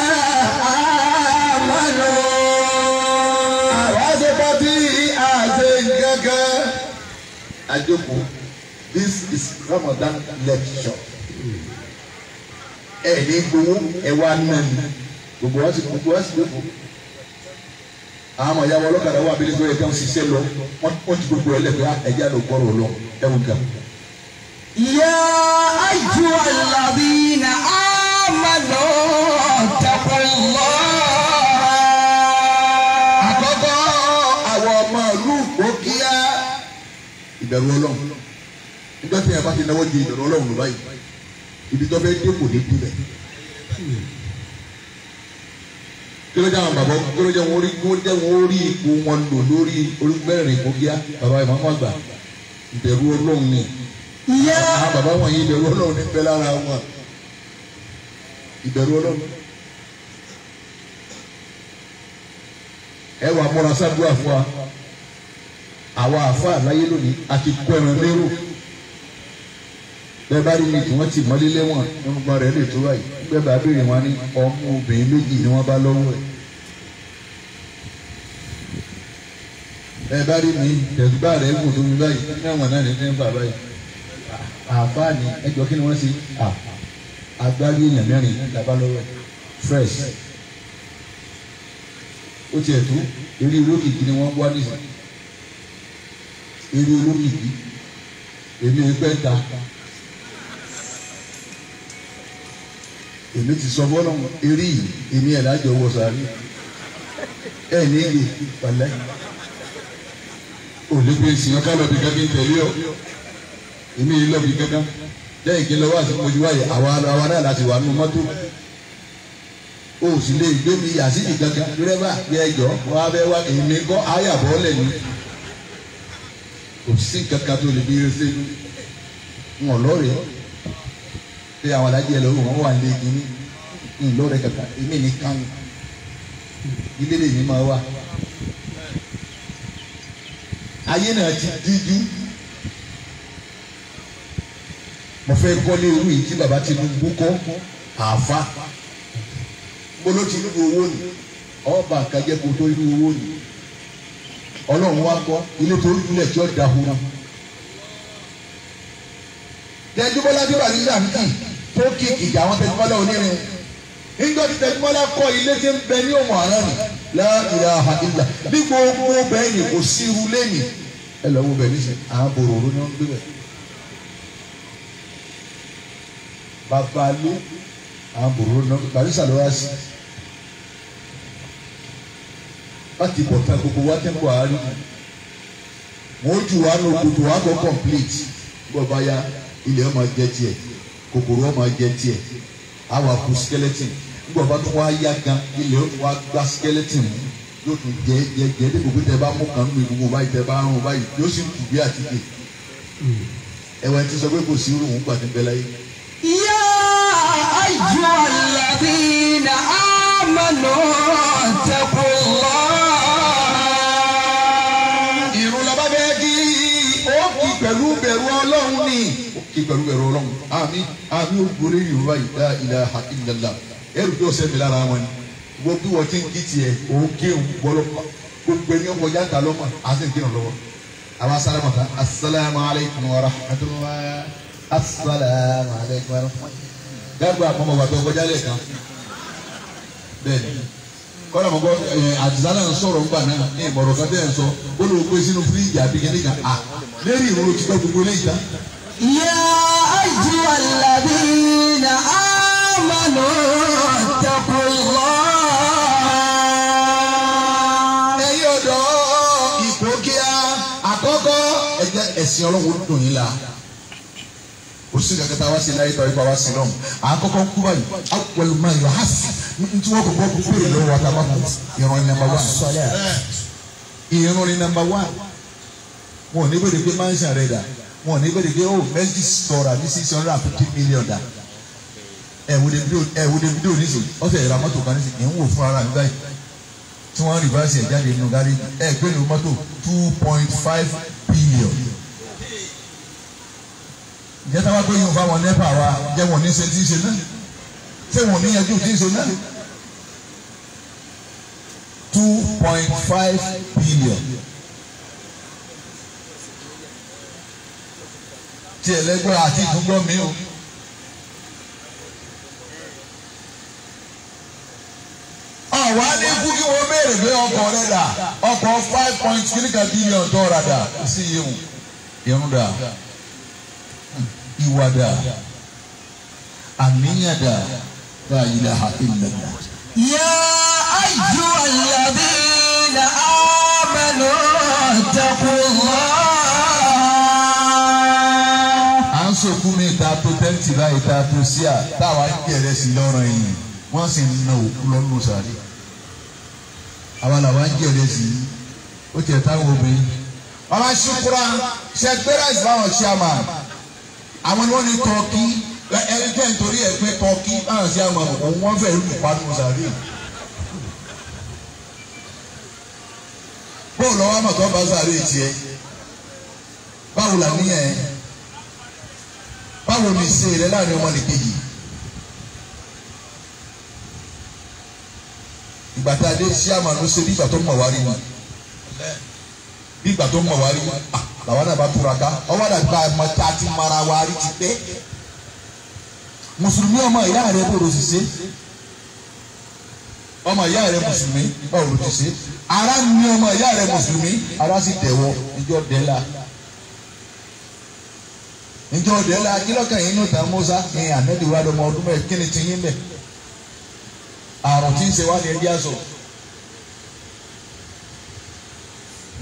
Speaker 1: àmàlò.
Speaker 2: àwọn àṣepọ̀ tí àṣe gángan. àjòkò this is Ramadan lecture. ẹ ní gbowó ẹ wá náà ni gbogbo wa ti gbogbo wa ti lè àwọn ìyàwó ọlọ́kadà wà abílẹ̀ gbọ́dọ̀ ẹ̀ka ṣiṣẹ́ lọ wọ́n ti gbogbo ẹ̀ lẹ́gbẹ̀ẹ́ ah, ẹ̀jẹ̀ àná gbọ́rọ̀ lọ ẹ̀wọ̀n kan.
Speaker 1: Ya ayyuhal ladhina amanu taqullah. Àkọ́kọ́
Speaker 2: àwọn ọmọ ìlú òkìá ìbẹ̀rù ọlọ́run. Nígbà tí a bá ti náwó di ìbẹ̀rù ọlọ́run lọ báyìí, ibi tó fẹ́ dé kò ní dúbẹ̀ kí ló jẹ́ àwọn bàbá kí ló jẹ́ wọn orí kó jẹ́ wọn orí ipò wọn lò lórí olùgbẹ́rin kó gíá bàbá ìmọ̀ ọmọ àgbà ìbẹ̀rù ọlọ́run ni àwọn bàbá wọ̀nyí ìbẹ̀rù ọlọ́run ní bẹ́ lára wọn ìbẹ̀rù ọlọ́run. ẹ wà múra sádùúrà fún wa àwa àfa àláyé lónìí a ti kó ẹran lérò bẹ́ẹ̀ bá rí mi tí wọ́n ti mọ́lé lẹ́wọ̀n nípa rẹ̀ lè tó báyìí bẹ́ẹ̀ bá béèrè wọn ní ọmú obìnrin méjì ni wọ́n bá lọ́wọ́ ẹ̀. ẹ bá rí mi tẹ̀síbá rẹ̀ kù tó mi báyìí ní àwọn náà ní fẹ́ ń fà báyìí. àfáà ni ẹjọ́ kí ni wọ́n ṣe agbárí èèyàn mẹ́rin nígbà bá lọ́wọ́ fresh. ó tiẹ̀ tó eré olókìkí ni wọ́n wá nísìnyí eré olókìkí èmi ò ta. èmi ti sọ fọlọ eré yìí èmi ẹ̀ lájọ wọ sáré ẹ̀ ní ìlè pàlẹ́ olùgbé ìsìnkú ká lọ́ọ́ bí kankan tẹ̀lé ọ èmi yìí lọ́ọ́ bí kankan lẹ́yìn kí lọ́wọ́ àti mojú wáyé àwa àwa náà láti wà nínú mọ́tò o sì lè gbé mi yàsídì kankan dírẹ́bà yẹ ẹjọ́ wọn abẹ́ wá èmi kọ́ ayàbọ̀ lẹ̀ ni kò sí kankan tó lè bí ẹsẹ̀ ń ọ̀lọ́rẹ̀ẹ́ pé àwọn adájí ẹ lọ́wọ́ wọn wà ní ìkíní ìlọrẹ kàkà èmi nìkan ilé lèmi máa wà ayé náà ti díjú mo fẹ́ kọ́lé irú yìí tí baba Tinubu kọ́ àfa gbolo Tinubu owó ni ọba kajẹ́ kó tó irú owó ni ọlọ́run wa kọ́ ilé tó ń lẹ̀ tí ó dahùn náà tẹjúbọ́lá bí wà ní sàmìkì tó kí ìjà wọn tẹjúbọ́lá onírin nígbà tí tẹjúbọ́lá kọ́ ilé tí ń bẹ ní òun àárọ̀ nì láàbìrà àhàdìlà bí gbogbo bẹ́ẹ̀ ni kò sí irú lẹ́yìn ẹ lọ́wọ́ bẹ́ẹ̀ ní sẹ́yìn àwọn bòròrò ni wọ́n gbé bẹ́ẹ̀. bàbá ló àwọn bòròrò ni wọ́n gbé bàbá ló wá sí. láti bọ̀ tán gbogbo wa tẹ́ kó àárín wọn ó ní okòtò wa kọ́ complete gbọ̀ bá ya ilẹ̀ ọmọ jẹ tiẹ̀ kòkòrò ọmọ jẹ tiẹ̀ àwọn àpò skeleton nígbà bá tó wá yá gan ilẹ̀ wa gba skeleton mu yóò tún jẹ jẹ jẹ dípò pé tẹ bá mú kan nínú ìdúgbò báyìí tẹ bá rún báyìí yóò sì tù bí àtìkè ẹwà ti sọ pé kò sí irú gbà ní bẹ́lá yìí.
Speaker 1: yá ayọ̀ làbí na àmàlò
Speaker 2: tẹ̀kọ̀. kí pẹ̀lú ẹ̀rọ ọlọ́run àmì àmì ògbólé yorùbá yìí dá ilà ilàlá ẹrù tí ọ̀sẹ̀ mi lára wọn ni wọ́n bí wọ́n ti ń kí tiẹ̀ òun kí òun bọ́ lọ́pàá gbogbo ẹni ọkọ̀ yáta lọ́mọ àti ìkírun lọ́wọ́ àwọn asálàmù ta asalaamu alaykum wa rahmatulah asalaamu alaykum wa rahmatulah. dábò àpamọ́ wà tó kọjá lẹ́ẹ̀kan bẹ́ẹ̀ni kọ́lá mọ̀
Speaker 1: يا أيها الذين آمنوا اتقوا الله
Speaker 2: ẹ̀yin ọ̀dọ́ ipò kíá àkọ́kọ́ ẹ̀jẹ̀ ẹ̀sìn ọlọ́run dùn yín la o sì kàkẹ́ tá a wá sí láyé tó ipa wá sí náà àkọ́kọ́ kú báyìí awọ́lu máa yọ há sí ntí wọ́n kò gbọ́ kó lọ́wọ́ wa tábà kù ìran ní nàmbà wá ìran ní nàmbà wá wọn ò ní bèrè pé máa ń ṣàrẹ̀ dà wọn ò ní bẹ̀rẹ̀ pé ó oh, mẹ́sì sọ̀rọ̀ àbí six hundred and fifty million dà ẹ̀wò Davido ẹ̀wò Davido nísò ọ̀sẹ̀ ìra mọ́tò kan nísò ẹ̀wò fún ara mi báyìí tí wọ́n rìvásì ẹ̀ jáde nínú gáréjì ẹ̀ gbé ní mọ́tò two point five billion ìjẹ́ táwa pé yóò fáwọn nẹ́pà wa jẹ́ wọn ní ṣe tí ń ṣe náà ṣé wọn ní yanjú tí ń ṣe náà two point five billion. ti ẹlẹgbẹ́ àti ìdúgbọ́ mi o. àwa ní kú kí béèrè pé ọkọ̀ rẹ̀ dà ọkọ̀ five point three ka billion tó dà sí yéwu irun dà ìwà dà àníyàn dà la ilaha illallah.
Speaker 1: يا أيها الذين
Speaker 2: آمنوا اتقوا الله sòkú mi ta tó tẹ́ǹtì báyìí ta tó sí à táwa ń jẹ̀rẹ̀ sí lọ́rùn yìí wọ́n sì ń na òkú lọ́nù sàrí. àwa làwa ń jẹ̀rẹ̀ sí i ó tiẹ̀ táwọn obìnrin. mama ṣukura ṣe báwọn ṣe àmà àwọn ni wọ́n ní tọ́kí ẹni tẹ́ nítorí ẹ̀ pé tọ́kí báwọn ṣe àmà òun wọ́n fẹ́ rí ìpanu sàrí. bóòlù ọwọ́ àmọ̀tọ́ bá sàrí tiẹ̀ báwo làníyàn ẹ̀ báwo ni ìṣe rẹ láàrin ọmọnìkejì ìgbà tá a dé sí àmàlú ṣe bí ìgbà tó mọ̀ wá rí ni bí ìgbà tó mọ̀ wá rí làwọn ah, náà bá túra ká ọwọ́ àdàgbà ọmọ tá a ti mara wá rí ti pẹ́ mùsùlùmí ọmọ ìyá rẹ bòrò sì ṣe ọmọ ìyá rẹ mùsùlùmí báwo ló ṣe ara ni ọmọ ìyá rẹ mùsùlùmí ara sì tẹ̀wọ́ ìjọ dẹ́la njẹ́ òde la kílọ̀kàn yín nùtà Musa ní ànẹ́bí wa lọ́mọ ọdún mẹ́rin kí ti yín bẹ̀ àrùn tí ń ṣe wá ní ẹbí àṣọ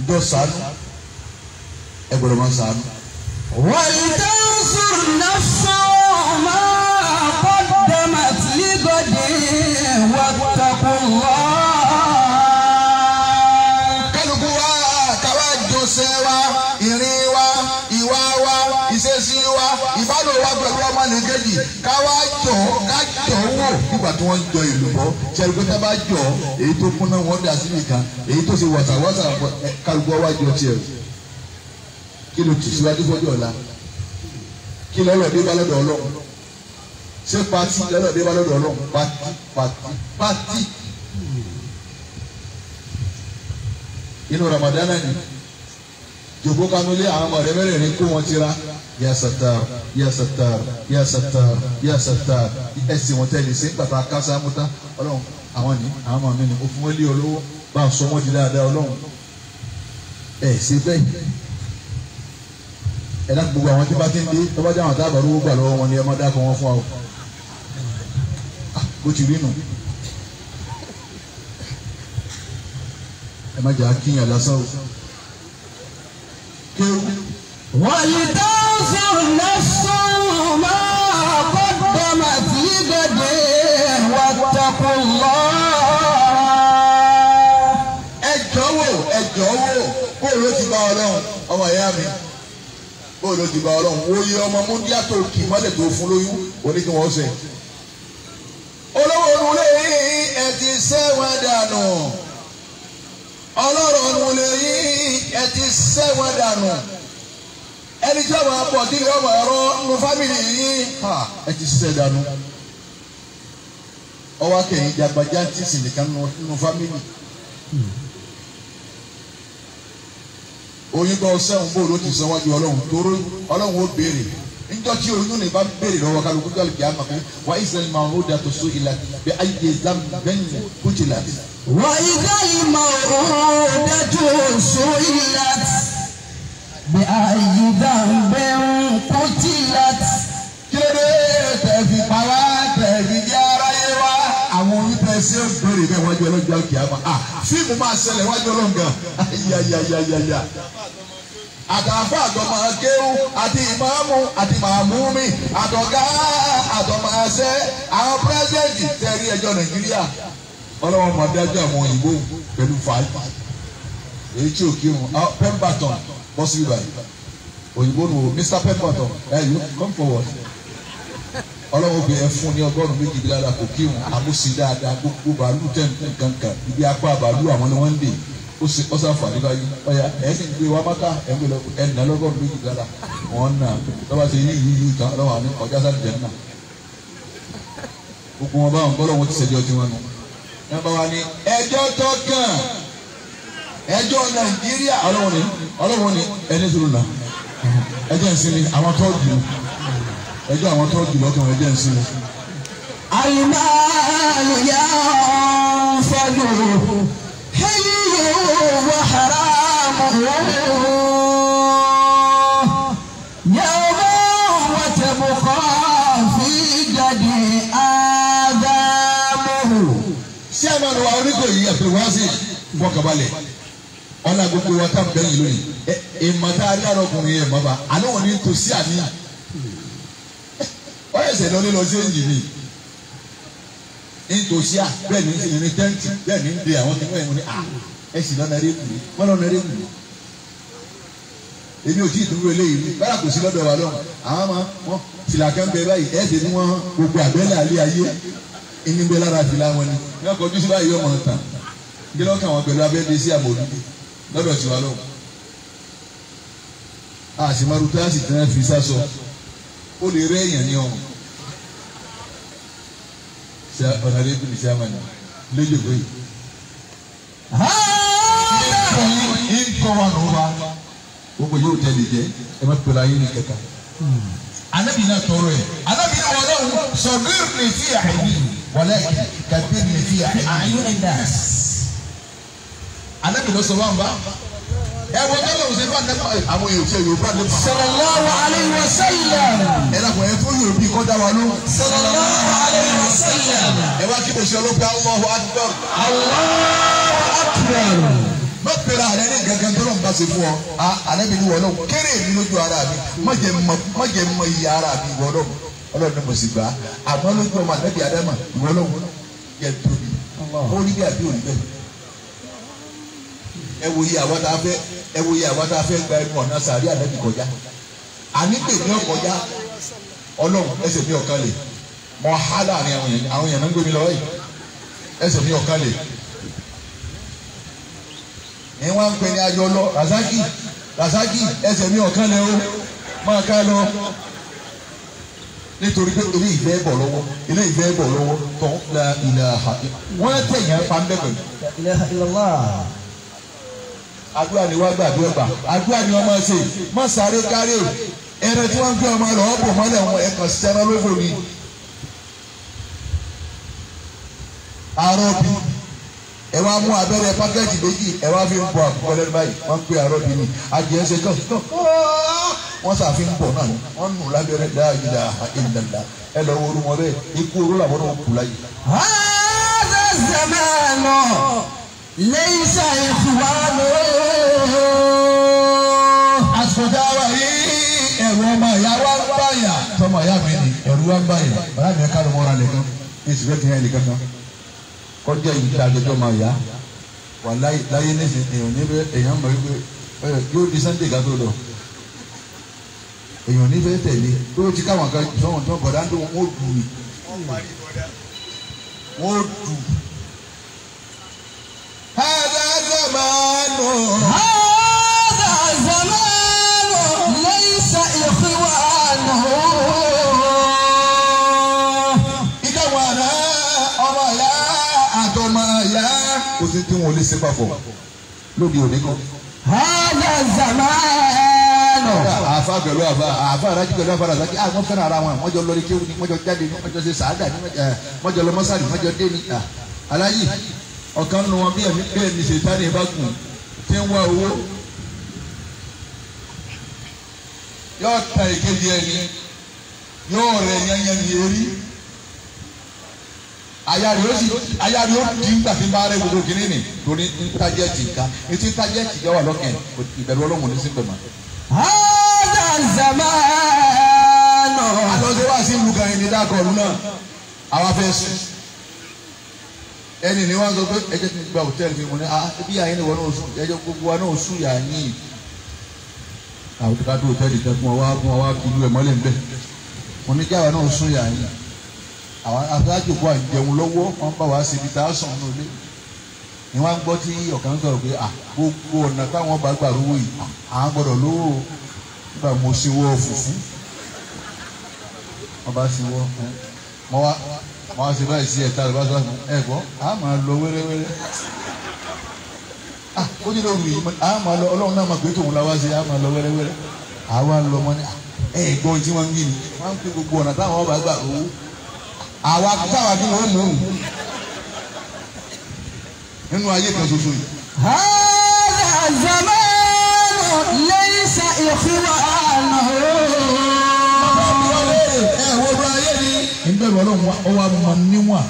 Speaker 2: njọ́ sànú ẹ gbọ́dọ̀ máa sànú.
Speaker 1: sùn náà fún ọmọ.
Speaker 2: tí wọ́n jọ ìlú bọ́ ṣẹ́ni pé tá a bá jọ èyí tó kún náà wọ́n dà sí nìkan èyí tó ṣe wàsàwàsà kálukú ọwọ́ àjọ tiẹ̀ kí ló tù síwájú fọ́jọ́ ọ̀la kí lọ́lọ́dé bá lọ́dọ̀ ọlọ́run ṣé pati lọ́lọ́dé bá lọ́dọ̀ ọlọ́run pati pati pati inú Ramadan ni jòkó kanulé àwọn ọmọ rẹ mẹ́rẹ̀ẹ̀rin kó wọn tira yasata. Yes, yà sàtàr yà sàtàr yà sàtàr ẹsẹ̀ wọn tẹ̀lé ṣe gbàgbà kásámú tán ọlọ́run àwọn ni àwọn màmí ni òfin wọn lé olówó bá a sọ wọn di dáadáa ọlọ́run ẹ ṣe bẹ́ẹ̀ ẹ dákun gbogbo àwọn tí bá ti ń dé tó bá jẹ́ àwọn táàbà rówó gbà lọ́wọ́ wọn ni ẹ má dákun wọn fún wa o ah, bó ti rí nù. ẹ má jà á kíyàn lásán o. kéwù. ولتنظر نفس ما قدمت
Speaker 1: لغد واتقوا الله
Speaker 2: ẹjọ́wò ẹjọ́wò bó ló ti bá ọlọ́run ọmọ ìyá mi bó ló ti bá ọlọ́run wo iye ọmọ múndíá tó kì í mọ́lẹ̀ tó fún lóyún oníkìwọ́n ọ̀sẹ̀ olówó onúlé yìí ẹ ti sẹ́wọ̀n dànù ẹni tí ọmọ apọ̀ tí ni ọmọ ẹ̀rọ nu fámìlì yìí ẹ ti ṣiṣẹ́ dànù ọwọ́ akẹ́yìn jagbajà ti sì nìkan nu fámìlì oyún tó sẹ́wọ̀n bó ló ti sọ wájú ọlọ́run tóró ọlọ́run ó béèrè níjọ́ tí oyún ní bá béèrè lọ́wọ́ kálukú tó àlùkí àmà pé wà ìsẹ̀lẹ̀ máa ó dàtọ̀ só ìlà bí ayé zam bẹ́ẹ̀ni kó ti là. wà ìsẹ̀lẹ̀ máa ó dàtọ̀ só ìlà.
Speaker 1: بأي
Speaker 2: ذنب قتلت kéré tẹ̀fi pa wá tẹ̀fi jẹ́ aráyé wá. àwọn onítẹ̀ ṣe ń bèrè bẹ́ẹ̀ wájú ọlọ́jọ́ kìáma ah fíìmù máa ṣẹlẹ̀ wájú ọlọ́ngàn ayayayayaya àtàfà àtọmọ akéwù àti ìmáàmù àti màmúmi àtọgá àtọmọ àṣẹ àwọn pírẹsidẹǹtì tẹrí ẹjọ́ nàìjíríà ọlọ́wọ́n mọ̀dájú àwọn òyìnbó pẹ̀lú fàájì èyí tí ò kírun pemberton mọ́sí báyìí òyìnbó nu Mr Pemberton ẹ yóò come forward ọlọ́wọ́ bẹ ẹ fún ní ọgọ́rùn-ún méjì bí dáadáa kò kírun àmúsí dáadáa gbogbo bàálù tẹ̀ǹtẹ̀ kankan ibi apá bàálù àwọn ni wọ́n ń dè ó sì ọ́ sáfà nípa yìí ọ̀yà ẹ̀ sì ń gbé wá máka ẹ̀ ń gbé lọ ẹ̀ nà lọ́gọ́rùn-ún méjì dáadáa wọ́n nà lọ́ba ṣe yíyí yíyí tán ọlọ́wọ́ àní ọjà sáré jẹ̀ nà gbogbo wọn báwọn gbọ́dọ̀ wọn ti ṣèjọ́ tiwọn nù ẹjọ́ nàìjíríà ọlọ́wọ́n ni ọlọ́wọ́n ni ẹni tó nà ẹjọ́ ìsinmi àwọn tó jù ẹjọ́ àwọn tó jù lọ́kàn ẹjọ́ ìsinmi. àyìnbá àlùyá fọdù
Speaker 1: hẹ́yìn wà haramu yàrá wà tẹ̀bùkọ́ fi jáde ádámù.
Speaker 2: sí àná ni wàá oníkòyí àfẹwàásì fọkànbalẹ̀ ọlá gbogbo wa tá à ń bẹ yìí lónìí ẹ ìmọ̀ tá a rí àrọ ọkùnrin yẹn mọ̀ bá àná wọn ní tòsí àníyàn ọ ẹsẹ̀ lọ nílọ sí èyí mi nítòsí à bẹ́ẹ̀ ní ìsìn ní tẹ́ǹtì bẹ́ẹ̀ ní ìdè àwọn kí wọ́n ní à ẹ sì lọ́nà eré kùn wọ́n lọ́nà eré kùn èmi ò tí ì dúró eléyìí rí bára kò sí lọ́dọ̀ wa lọ́wọ́ àwọn máa wọ́n fìlà kan bẹ báyìí ẹ̀ẹ́dẹ̀ ni wọ́n gbogbo àbẹ́lẹ̀ alẹ́ ayé ìníbẹ̀ lára fìlà wọn ni wọ́n kọjú sí báyìí ọmọ ọ̀tàn kí lọ́kàn wọn pẹ̀lú lọ́dọ̀ tiwa náà àṣìmọ́rú kíláàsì tí wọ́n fi sásọ ó lè rẹ́ èèyàn ní ọ̀hún ṣe ọ̀nàdébù ní sàmánà lélẹ̀ wẹ̀. Nkọ wa nù wa gbogbo yóò tẹ̀lé jẹ ẹ má pèlè ayé ní kẹta. Anabi náà tọrọ yẹ. Anabi náà wọlé òun sọ̀gbìn fi àyè wọlé kàbí ní fi àyè anabi ló sọ wá nbà ẹ wọ bẹ́ẹ̀ lọ sẹfà nípa àwọn èèyàn tiẹ̀ yorùbá nípa. sallallahu alaihi wasallam. ẹ lakọ ẹ fún yorùbá kọ wa ló. sallallahu alaihi wasallam. ẹ wá kí mo ṣe olóògbé Allahu akbar. Allahu akbar. má pera rẹ ní gẹ́gẹ́ tó lọ́n bá ṣe fún ọ anabi ni wọlọ́ kéré mi lójú ara mi má jẹ mọ iye ara mi wọlọ́ ọlọ́run ni mo sì gbà á àmọ́ lójú ọmọ anabi adama wọlọ́ yẹ tóbi ó ẹ wo iye àwọn tá a fẹ́ ẹ wo iye àwọn tá a fẹ́ gba ẹnu ọ̀nà sàárì ànábì kọjá ànígbè ní ọ̀kọjá ọlọ́run ẹsẹ̀ mi ọ̀kan lè mọ ha láàrin àwọn yẹn àwọn yẹn náà ń gbé mi lọ́wọ́ yìí ẹsẹ̀ mi ọ̀kan lè ní wọ́n ń pè ní ayọ̀ lọ Razaki Razaki ẹsẹ̀ mi ọ̀kan lè o máa ká lọ nítorí pé ilé ìfẹ́ bọ̀ lọ́wọ́ ilé ìfẹ́ bọ̀ lọ́wọ́ tọ́ la ìlà wọ́n tẹ̀yìn apá ń bẹ̀ pẹ̀lú àdúrà ni wá gbà àdúrà gbà àdúrà ni wọ́n máa ṣe má sáré kárè ẹrẹ tí wọ́n ń gbé ọmọ rẹ̀ ọ̀bùn mọ́lẹ̀ wọn ẹ̀kan sẹ́ran lóko ni. arọ́bí ẹ wá mú abẹ́rẹ́ pákẹ́ẹ̀tì méjì ẹ wá fi ń bọ àkùkọ lẹ́nu báyìí wọ́n ń pè ni adìẹ ṣe kàn kàn wọ́n ṣàfihàn bọ̀ náà wọ́n nù lábẹ́rẹ́ dáadáa ìdàgbà ẹ lọ wo orú wọn ikú oró làwọn náà kù láyé.
Speaker 1: hàn
Speaker 2: án ṣe mẹ́rin náà. Leisa إخوانه àsìkòjá wa yìí ẹ̀rù ọmọ ìyá wa ń báyà tọmọ ìyá mi ni ẹ̀rù wa ń báyà bàbá mi ká ló mọ́ra nìkan ní ìsìnkú kìíní ẹnì kankan kọjá yìí tí a jọjọ́ ọmọ ìyá wà láyé nísìnyí èèyàn níbẹ̀ èèyàn mọ̀ wípé yóò di Sunday gàtó lọ èèyàn níbẹ̀ tẹ̀lé tó ti káwọn kan sọ̀wọ́n bọ̀dá ń dùn wọ́n dùn wọ́n dùn.
Speaker 1: zamanu. Hada zamanu laysa ikhwanu. Ìdáwọ̀ àná ọmọ ya àtọmọ ya
Speaker 2: kò sí tí wọn ò lè ṣe papọ̀ lóde òní kan.
Speaker 1: Hada zamanu.
Speaker 2: Àfa pẹ̀lú àfa àfa àràjì pẹ̀lú àfa àràjì àwọn ah, fẹ́ràn ara wọn wọ́n jọ lọ ní kéwù ni wọ́n jọ jáde ni wọ́n jọ ṣe sàádà ni wọ́n jọ eh, lọ mọ́sálì wọ́n jọ dé ni. Ah, Aláyì ọ̀kan nu wọn bí ẹ̀mí bẹ́ẹ̀ ni ṣètánì bá gùn tí ń wá owó yóò ta ìkejì ẹni yóò rẹ̀ yẹnyẹn ní erí ayari o di n bá rẹ gbogbo kìíní ni torí n tajẹ ti nǹkan etí tajẹ ti jẹ wà lọkẹ ìbẹ̀rù ọlọ́run ní sípè mà.
Speaker 1: ọ̀dà
Speaker 2: zamanu. àtọ́jú wa sí ìlú kan ẹni dákọ̀ọ́lù náà àwa fẹ́ sùn ẹni ni wọ́n sọ pé ẹjẹ́ ti gba hòtẹ́ẹ̀lì mi mo ní ah bí àyìn ìwọ náà sùn ẹjẹ́ gbogbo wa náà sùn yà yín àwọn tó ká tó hòtẹ́ẹ̀lì tẹ fún wa fún wa kìlú ẹ̀ mọ́lẹ̀ nbẹ mo ní jáwé náà sùn yà yín àwọn afẹ́lájòkó àjẹun lọ́wọ́ wọn bá wa ṣe ibi tá a sàn ní olé ni wọ́n á gbọ́ tí ọ̀kan sọ̀rọ̀ pé à gbogbo ọ̀nà táwọn bá gbà lówó yìí à wọn ṣe báyìí sí ẹ̀ta lọ́wọ́ sọ́wọ́ ẹ̀ bọ́ a máa lọ wẹ́rẹ́wẹ́rẹ́ ah ó ní lóru yìí a máa lọ ọlọ́run náà máa pé tòun la wá sí a máa lọ wẹ́rẹ́wẹ́rẹ́ àwa lọ mọ́ ni ah, ẹ gbọ́ ohun tí wọ́n ń gbìn ní wọ́n ń pè gbogbo ọ̀nà táwọn ọba gbà owó àwa táwa bí wọ́n mú un nínú ayé kan ṣoṣo yìí.
Speaker 1: hàdà zamanu lẹ́yìn sa ìfúwà àná.
Speaker 2: ẹ wo ló ayé nbẹ̀rù ọlọ́run ọwọ́ àmọ́ níwọ̀n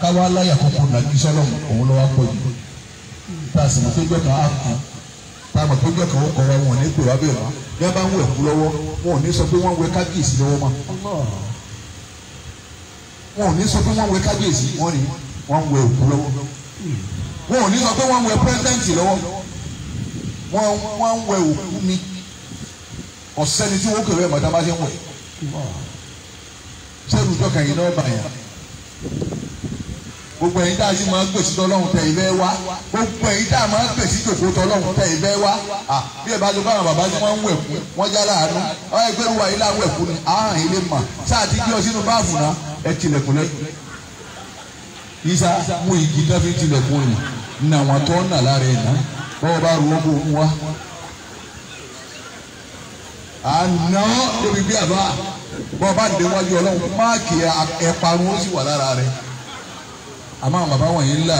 Speaker 2: káwá láyà kókó nàbí sọlọ́run òun lọ́wọ́ pọ̀ jù tá a sì mọ̀ pé gbẹ̀kan á kú tá a mọ̀ pé gbẹ̀kan ó kọ̀ra wọn ní pè wá bẹ́ẹ̀ a bá ń wẹ̀ kú lọ́wọ́ wọn ò ní sọ pé wọ́n wẹ kábíyèsí lọ́wọ́ mọ́ wọn ò ní sọ pé wọ́n wẹ kábíyèsí wọ́n ní wọ́n wẹ òkú lọ́wọ́ wọn ò ní sọ pé wọ́n wẹ pírẹ́sidẹ́ǹtì lọ́wọ́ wọ́n wọ́n wẹ òkú mi ọ̀sẹ́ni tí wọ́n kẹ̀wé mọ̀tàbáṣẹ́ wẹ̀ sẹ́rù ìjọkàn yìí náà bàyà gbogbo ẹ̀yin tá a sì máa ń gbèsè tọ́lọ́hún tẹ̀ ìbẹ́ wá gbogbo ẹ̀yin tá a máa ń gbèsè tòkó tọ́lọ́hún tẹ̀ ìbẹ́ wá bí ẹ bá tó báwọn bàbá tí wọ́n ń wẹ̀kú wọ́n já láàánú ọ̀ ẹgbẹ́ ruwa yìí láwọn ẹ̀kú ni àhàn ilé mà sáà ti gbé ọ sínú báàfù náà ẹ tilẹ̀kùn lẹ́kùn yíṣà mú igi dábí tilẹ̀kùn rẹ̀ nà wọn tọ́ nà lára ẹ̀ náà bọ́ọ̀ bá ru ọmọ àná lórí bí àbá bọ́ bá dé wájú ọlọ́run máàkì ẹ̀parun ó sì wà lára rẹ̀ àmọ́ àwọn bàbá wọ̀nyí ńlá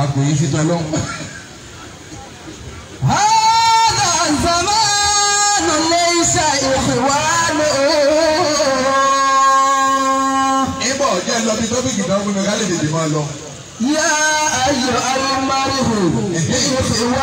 Speaker 2: àgbò yìí títọ́ ọlọ́run. هذا
Speaker 1: الزمان ليس إخوانه ibọ̀
Speaker 2: jẹ́ lọ bí tọ́pìkì tó ń gbé mi ká lè tètè máa lọ.
Speaker 1: يا أيها المرء
Speaker 2: إخوانه.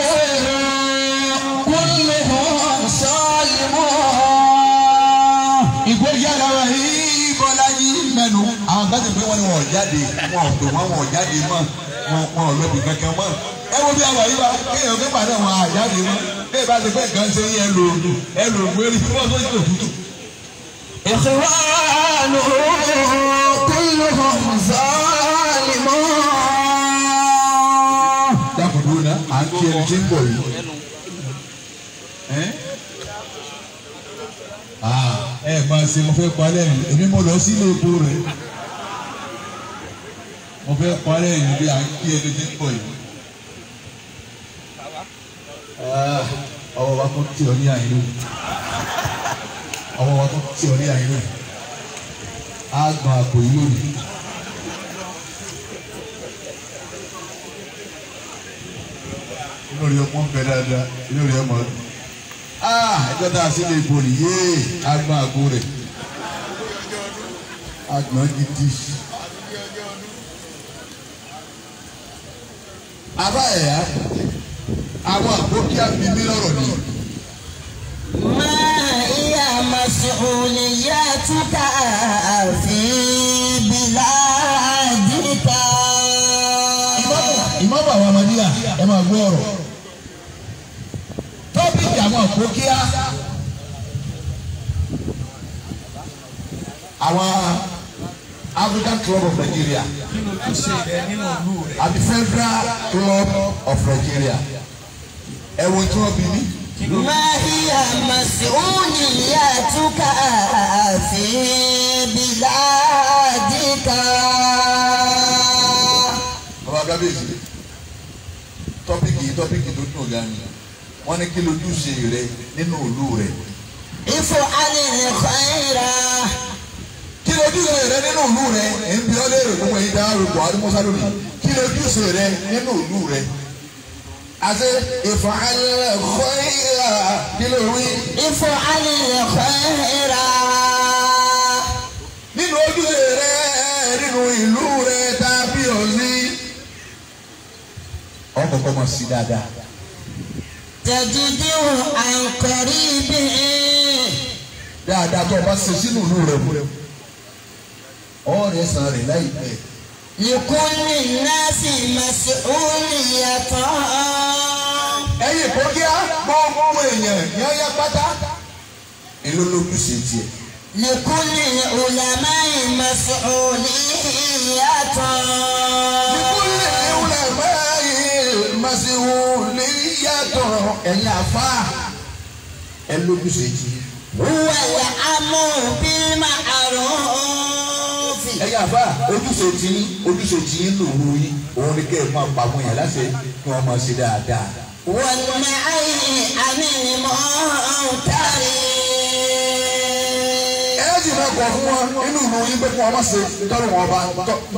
Speaker 2: ò jáde wọn ò pè wọn wọn ò jáde mọ́ wọn wọn ò lóbi kankan mọ́ ẹ wo bí àwọn yìí bá kéèyàn tó pàdé wọn à jáde mọ́ bẹ́ẹ̀ bá ti pẹ́ kan ṣe yẹ lò ẹ lò wẹ́rì tí wọ́n tó ṣe òtútù. ìṣèwádìí
Speaker 1: kí ló ń sọ àlìmọ́.
Speaker 2: dákun dúró náà à ń kí ẹni tí yìí. ẹ máa ṣe mo fẹ́ pa lẹ́nu èmi mo lọ sílé epo rẹ̀ mo fẹ́ parẹ́ yìí bí a ń kí ẹni tí ń bọ̀ yìí. Ah, ọwọ́ wa kún tí ọ ní àìlú ọwọ́ wa kún tí ọ ní àìlú á gbọ́n àpò yìí lónìí. inú rí ọmọ ń dáadáa inú rí ọmọ ah, ẹjọ́ tá a sì lè borí yéé á gbọ́n àgbo rẹ̀ á gbọ́n gidi. àbá ẹ̀yà àwọn àgbókí àfi mí lọ́rọ̀ ni.
Speaker 1: máa ìyá màsùlùmí yá túkà àfin bílá àdìta.
Speaker 2: ìmọ̀bà àwọn amadíyà ẹ máa gbọ́ ọ̀rọ̀ tọ́pìkì àwọn àgbókí á. àwọn African Club of Nigeria
Speaker 3: at the
Speaker 2: Club of Nigeria ẹ wo tí wọ́n bí mi. Mahiya Masiuni
Speaker 1: ya tuka fi
Speaker 2: biladika. Bàbá Gábéjì, tọ́pìkì tọ́pìkì tó dùn gan ni, wọ́n ní kí lójúṣe rẹ nínú ìlú rẹ. Ifo alẹ́ rẹ̀ kọ́ ojúṣe rẹ nínú ìlú rẹ ẹnbí ọ léèrè fún ẹyin dáhùn Buhari Musa lónìí kí ni ojúṣe rẹ nínú ìlú rẹ àti ìfọ̀hálẹ̀ khayra kí ló
Speaker 1: wí. ìfọ̀hálẹ̀ khayra. nínú ojúṣe rẹ nínú ìlú rẹ tàbí òsì.
Speaker 2: ọkọ̀ọ̀kọ̀ mọ̀ sí dáadáa. tẹ̀júdíwò àìkọ̀rí bíi. dáadáa tó o bá ṣe sínú ìlú rẹ ọ̀rẹ́ san rẹ̀ láìpẹ́.
Speaker 1: Ìkúnlẹ̀ náà sì máa ṣe òórì yàtọ̀. Ẹyin ìkókíá gbogbo
Speaker 2: èèyàn yányá pátá. Èló ló kù ṣe tiẹ̀.
Speaker 1: Ìkúnlẹ̀ ulama mas'uli yàtọ̀. Ìkúnlẹ̀ ulama mas'uli yàtọ̀. Ẹ̀yin àfáà
Speaker 2: ẹ ló kù ṣe tiẹ̀. Wọ́n yà
Speaker 1: á mú bí màá rọ̀ ọ́ ẹ̀yin àbá ojúṣe
Speaker 2: tí ojúṣe tí ń lò wò yín òun ni kẹ́ ẹ̀ máa pa àwọn èèyàn láṣẹ kí wọ́n máa ṣe dáadáa.
Speaker 1: wọ́n ní àyè àmì mọ́
Speaker 2: tàrí. ẹ sì máa kọ̀ fún wọn nínú ìlú yín pé kí wọ́n má ṣe tọ́lù wọn bá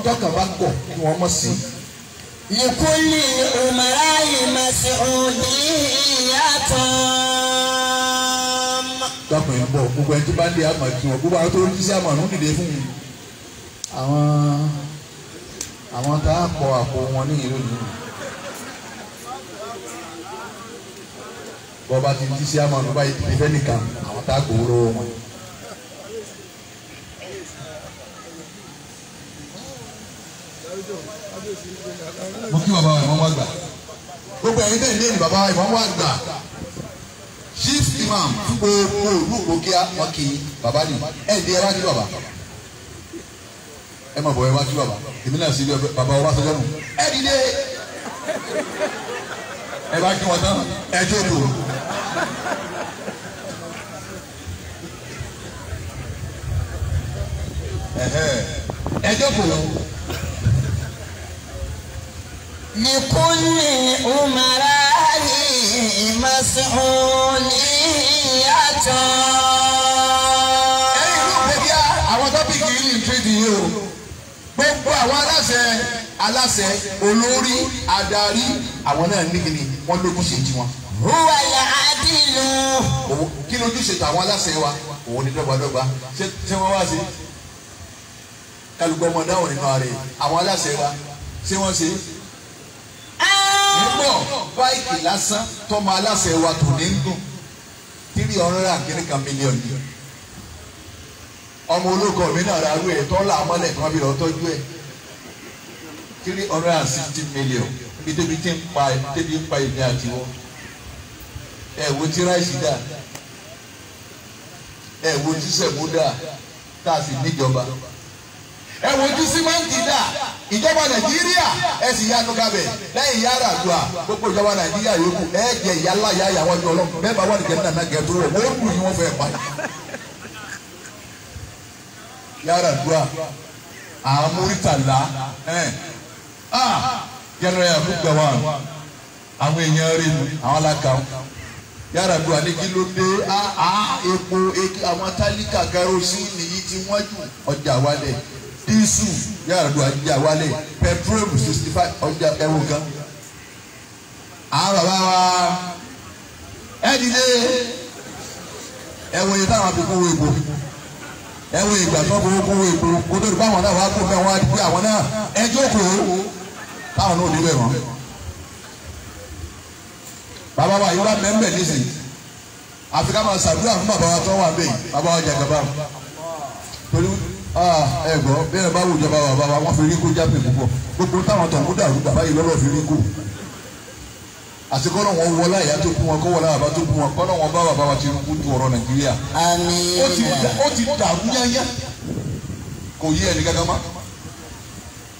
Speaker 2: tọ́kàn bá kọ̀ kí wọ́n má ṣe. lìkúlì
Speaker 1: òmàrà yìí máa ṣe òdì ìyàtọ̀
Speaker 2: tọkùnrin bọ̀ gbogbo ẹni tó bá ń dé àmọ̀ tí wọn gbogbo àwọn tó ń jí sí àmọ̀ ọ̀hún dìde fún un àwọn àwọn tá a kọ àpò wọn ní ìlú nìyí bọba ti ti sí àmọ́ nígbà yìí ti fẹ́ nìkan àwọn tá a kò wúlò wọn. mo kí bàbá ìmọ̀ wá gbà gbogbo ẹ̀yin tẹ̀ ní bàbá ìmọ̀ wá gbà chief imam fún gbogbo olú òkè wọn kì í bàbá ni ẹ̀ ń di ẹ bá ní bàbá ẹ má bọ̀ ẹ wá kí èmi náà sí bàbá ọba sọjọ́ nù ẹ dìde ẹ bá kí wọn tán ẹ jó lò. ẹ jókòó.
Speaker 1: nìkúnlẹ̀ umara yìí mas'uli yàtọ̀. ẹ̀yin
Speaker 2: ló ń pè bí gbogbo àwọn aláṣẹ aláṣẹ olórí adarí àwọn náà ní kíni wọ́n lókun ṣe tiwọn. huwa ya adilu. kí lójú ṣe tàwọn aláṣẹ wa òun ni dọ́gbadọ́gba ṣé wọ́n wá sí kálukú ọmọ dáhùn nínú ààrẹ àwọn aláṣẹ wa ṣé wọ́n ṣe pọ̀ báyìí lásán tọ́mọ aláṣẹ wa tò ní ń dùn three hundred and kìnnìkan mílíọ̀nù ọmọ olóko mi náà rárú ẹ̀ tọ́ là mọ́lẹ̀ kan bí lọ́ọ́ tọ́jú three hundred and sixty million bí débi tí ń pa débi ń pa èmi àtiwọ́ ẹ̀ wo tí ráìsì dà ẹ̀ wo tí sẹ̀mú dà tá a sì níjọba ẹ wojú símẹ́ǹtì dà ìjọba nàìjíríà ẹ sì yanu kabẹ lẹ́yìn yàrá àdúrà gbogbo ìjọba nàìjíríà yòókù ẹ jẹ ìyálà yà yà wọ́n jọ lọ bá wà ní gẹ̀ẹ́nà náà gẹ̀ẹ́ tó rẹ̀ wọ́n kù yín wọ́n fẹ́ pa yìí yàrá dùà àmúrítàlá ah, yàrá yà kú gbà wà àwọn èèyàn rí nu àwọn alákàwọn yàrá dùà ní kí ló dé ah, ah, epo àwọn tálíkà kẹrosíìnì yìí ti wọ́n jù ọjà wálẹ̀ dísù yàrá dùà ọjà wálẹ̀ pẹtrólù sixty five ọjà ẹ̀wò kan àwọn bàbá wa ẹ̀ dìde ẹ̀wò yìí táwọn àbíkú wo ìbò ẹ wo ìgbà tó kó kó wo èkó kó tó dùkú àwọn náà wá kó mẹ́ wọn á di pé àwọn náà ẹ jókòó táwọn náà ò níbẹ̀ wọn. bàbá wa yóò wá mẹ́mbẹ̀ nísìnyí àfi ká máa ṣàdúrà fún bàbá wa tó wà bẹ́ẹ̀ bàbá wa jàgàbá torí ẹ gbọ́ bẹ́ẹ̀ bá wù jọba bàbá wa wọ́n fi rí kó jápè púpọ̀ gbogbo táwọn tó ń kó dàrú bàbá yìí lọ́lọ́ fi rí kó àti kọ́nà wọn wọlé àyà tó kún wọn kọ́ wọlé àbá tó kún wọn kọ́nà wọn bá bàbá wa Tinubu tu ọ̀rọ̀ Nàìjíríà.
Speaker 1: àmín. ó ti
Speaker 2: dàrú yányá kò yí ẹni kankan má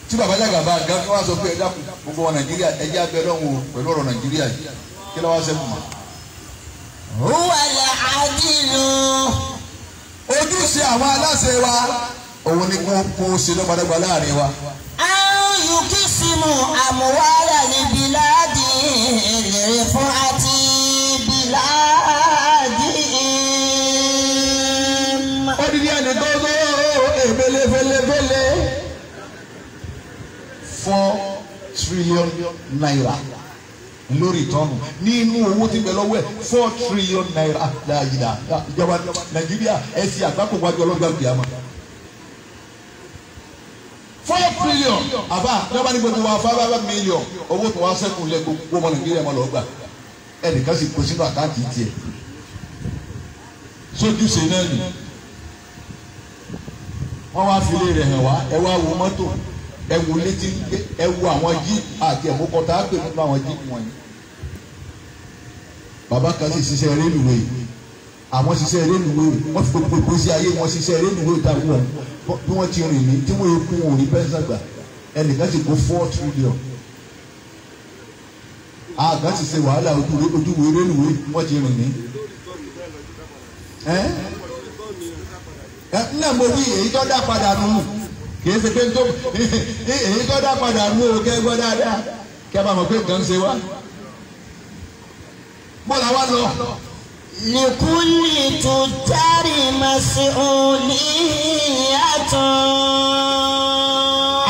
Speaker 2: tí bàbá Jàgà bá ga kí sọ pé ẹja gbogbo wọn Nàìjíríà ẹja abẹ lọ́wọ́ pẹ̀lú ọ̀rọ̀ Nàìjíríà yìí kí ló wá sẹ́kù mọ́. wàlà àdìrò. ojúṣe àwọn aláṣẹ wa òun ni kò kó ṣe lọ́gbàdàgbà láàrin wa.
Speaker 1: àrùn yìí kí simu
Speaker 2: four trillion naira lórí ìtọ́nù nínú owó tí ń lọ́wọ́ ẹ̀ four trillion naira dáadáa ìjọba nàìjíríà ẹ ṣe àgbákò wájú ọlọ́gbàgbé àmọ́ tírílíọ̀n àbá ní wọ́n bá ní gbogbo wa fáfáfá mílíọ̀n owó tó wá sẹ́kù lẹ gbogbo ọmọ nàìjíríà máa lọ gbà ẹnìkan sì kó sínú àkáǹtì tiẹ̀ sójú ṣe náà nì wọ́n wá fi ilé rẹ̀ hàn wá ẹ wá wo mọ́tò ẹ wo létí gbé ẹ wo àwọn jíìpù àti ẹ̀mọ́kọ́ta á pè nínú àwọn jíìpù wọ̀nyí bàbá kan sì ṣiṣẹ́ rélùwéè àwọn ṣiṣẹ́ rélùwé wọ́n fi gbogbo ìgbésí ayé wọn ṣiṣẹ́ rélùwé ìtàkùn wọn bí wọ́n ti rìn ní tí wọ́n yẹ kún òní pẹ́ńsàgbà ẹnìkan ti kó four trillion àgbà ti ṣe wàhálà ojúwe rélùwé wọ́n ti rìn ní. ẹ ẹ ńlẹ̀ mo wí èyí tó dá padà nù kìí ṣe pé tó èyí tó dá padà nù o kẹ́ gbọ́ dáadáa kẹ́ bá mọ̀ pé nǹkan ń ṣe wá. bọ́lá wa lọ.
Speaker 1: لكل تجار مسؤولية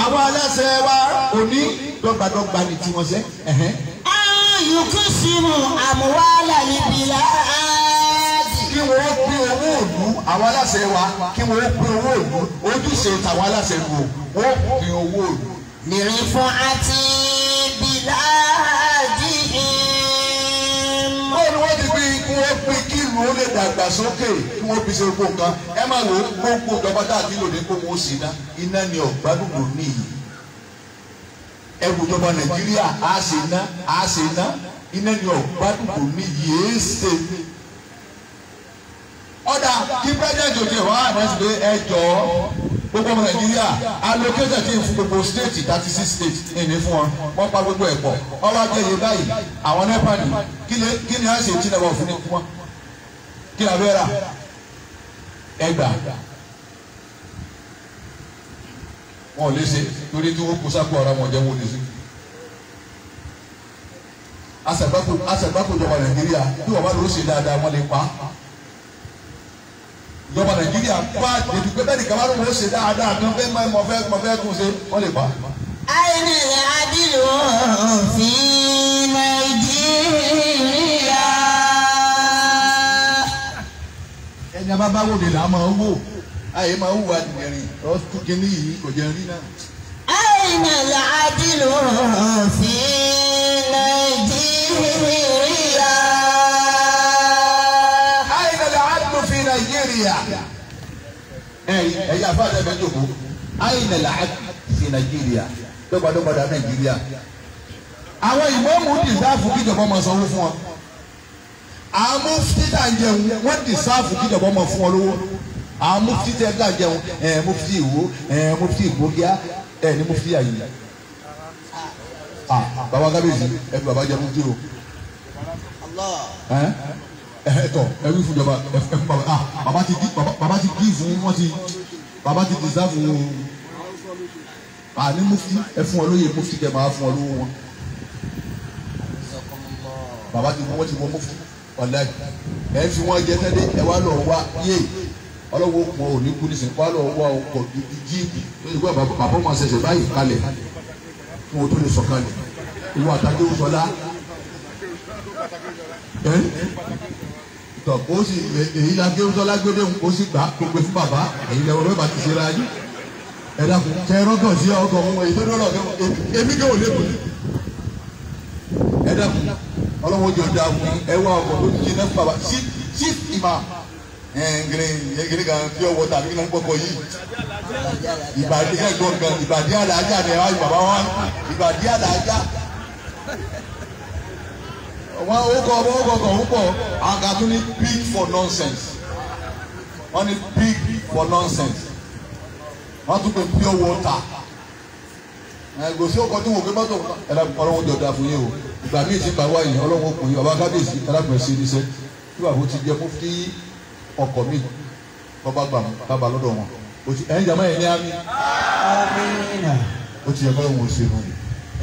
Speaker 1: àwọn aláṣẹ wa
Speaker 2: òní dọ́gbadọ́gba ni tiwọn ṣe.
Speaker 1: ayùkúsìmù àmúwálà níbílà
Speaker 2: kí wọ́n pín owó òdu àwọn aláṣẹ wa kí wọ́n pín owó òdu ojúṣe tàwọn aláṣẹ wò wọ́n pín owó òdu. mìíràn fún àti
Speaker 1: bíláàdì.
Speaker 2: báwo ni wọ́n ti pín kí wọ́n ìlú ó lè dàgbà sókè kí wọ́n fi ṣe gbogbo nǹkan ẹ máa wò ó gbogbo ìjọba tá a ti ní kó wọn ó sì ná iná ni ọ̀gbádùn ló ní yìí ẹ̀wù ìjọba nàìjíríà á ṣe ná á ṣe ná iná ni ọ̀gbádùn ló ní yìí é ṣe. ọ̀dà kí president òkè wá àdáṣe pé ẹ jọ gbogbo ọmọ nàìjíríà allocation ti fún gbogbo state thirty six state ẹni fún wọn wọn pa gbogbo ẹ̀ pọ̀ ọwọ́ ajẹ́yẹ báyìí àwọn nepa ni kí ni a ṣe tí náà wọ́n fún ní kú wọn kí la fẹ́ ra ẹgbà wọn ò lè ṣe torí tí wọn kó sápò ara wọn jẹ wọn ò lè ṣe asẹ̀gbákò ìjọba nàìjíríà bí wọn bá lọ ṣe dáadáa wọn lè pa ìjọba nàìjíríà pa ètò pé ni kàwá ló ń ṣe dáadáa kan fẹ́ mọ́ fẹ́ mọ́ fẹ́ tún ṣe wọ́n lè pa. àìní adìrò fi
Speaker 1: nàìjíríà.
Speaker 2: ẹni a bá bá wò lè là á máa wò àyè máa wùwà nìyẹn ọtún kínní yìí kò jẹun rí náà.
Speaker 1: أين العدل في نيجيريا
Speaker 2: أين العدل في نيجيريا ẹ̀yin afa dẹ́gbẹ́ jòkó أين العدل في نيجيريا dọ́gbadọ́gbadà nàìjíríà àwọn ìmọ̀ọ́mù dìsáàfù kíjọba máa sanwó fún wọn àwọn mufti tá à ń jẹun wọ́n dì sáàfù kí ìjọba ọmọ fún ọ lówó àwọn mufti tẹ́ tá à ń jẹun ẹ̀ mufti ìwó ẹ̀ mufti ìgbógíá ẹ̀ ní mufti àyè ah, ah, baba kábíyèsí ẹ fi baba jẹ mufti o ẹ tọ ẹ wí fún ìjọba ẹ fún baba ah baba ti di baba ti di fún wọn ti baba ti di sáàfù wọn a ah, ní mufti ẹ fún ọ lóye mufti kẹ máa fún ọ lówó wọn baba ti mú wọn ti mú mufti ọ̀làjì ẹ̀ fi wọ́n jẹ tẹ́lẹ̀ ẹ̀ wá lọ wá yé ọlọ́wọ́ kún òní kú ní sìnkú alọ́ wá ọkọ̀ gidi jíìpì ìgbà bàbá wọn ṣẹ̀ṣẹ̀ báyìí kalẹ̀ fún o tó lè sọ̀kalẹ̀ ìwọ àtàkì òṣọlá tọ o sì èyí la gé òṣọlá gbédé o sì gbà tó gbé fún bàbá èyí lẹ́wọ̀n bẹ́ẹ̀ bá ti ṣe ra yín ẹ dákun tẹ ẹ rọgàn sí ọkọ òun èyí tó dọ̀rọ̀ èmi kẹ́ ò lé ẹ dákun ọlọ́wọ́n jọ da fún ọkọ̀ ló ti náà bàbá chief imam gẹ́gẹ́ kan pure water bí wọ́n gbọ́kọ̀ yìí ìbàdí ẹ̀gbọ́n kan ìbàdí àlàájá ni ẹ̀wá bàbá wa ìbàdí àlàájá wọ́n ó kọ́ ọmọ ó kọ́ ó pọ̀ àga tó ní big for nonsense wọ́n ní big for nonsense wọ́n tún pè pure water ẹ̀gbọ́n sí ọkọ̀ tó wò pé mọ́tò ẹ̀rọ ọlọ́wọ́n jọ da fún yìí o ìgbà míì ti bá wáyé ọlọ́wọ́ ọkùnrin ọba kábíyèsí alákùnrin ní sẹ́ tí bàbá ti jẹ́ kó ọkọ̀ mi bàbá gbà bàbá lọ́dọ̀ wọn o ti ẹ̀yìn jàmáà yẹn ní àmì o ti yẹ kọ́ wọn ò ṣe nù ẹ̀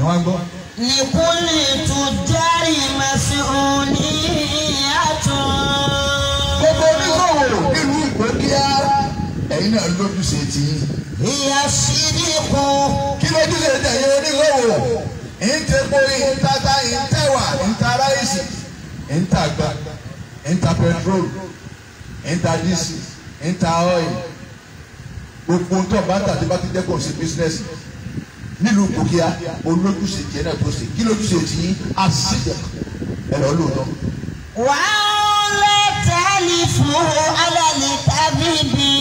Speaker 2: wọ́n á gbọ́.
Speaker 1: nìkúlì tó jẹ́rì màsí òní àtún. gbogbo oníṣòwò nílùú ìpínlẹ̀ ẹ̀yin náà lójúṣe tì í. ìyá
Speaker 2: sí ní kú. kí lójúṣe tẹ̀yẹ oníṣòwò ìtẹ̀pọ̀rì ìtata ìtẹ̀wà ìtaráìsì ìtàgbà ìtàpẹ̀trol ìtàdísì ìtàọ́ì gbogbo tó bá ń tàdé bá ti dẹ́kun sí bísínẹ́sì nílùú kòkíà olójúṣe jẹ́ náà tó ṣe kí lójúṣe tí a sì jẹ ẹ̀rọ lóòótọ́.
Speaker 1: wàá lè tẹ́lẹ̀ fún alẹ́ tàbí bí.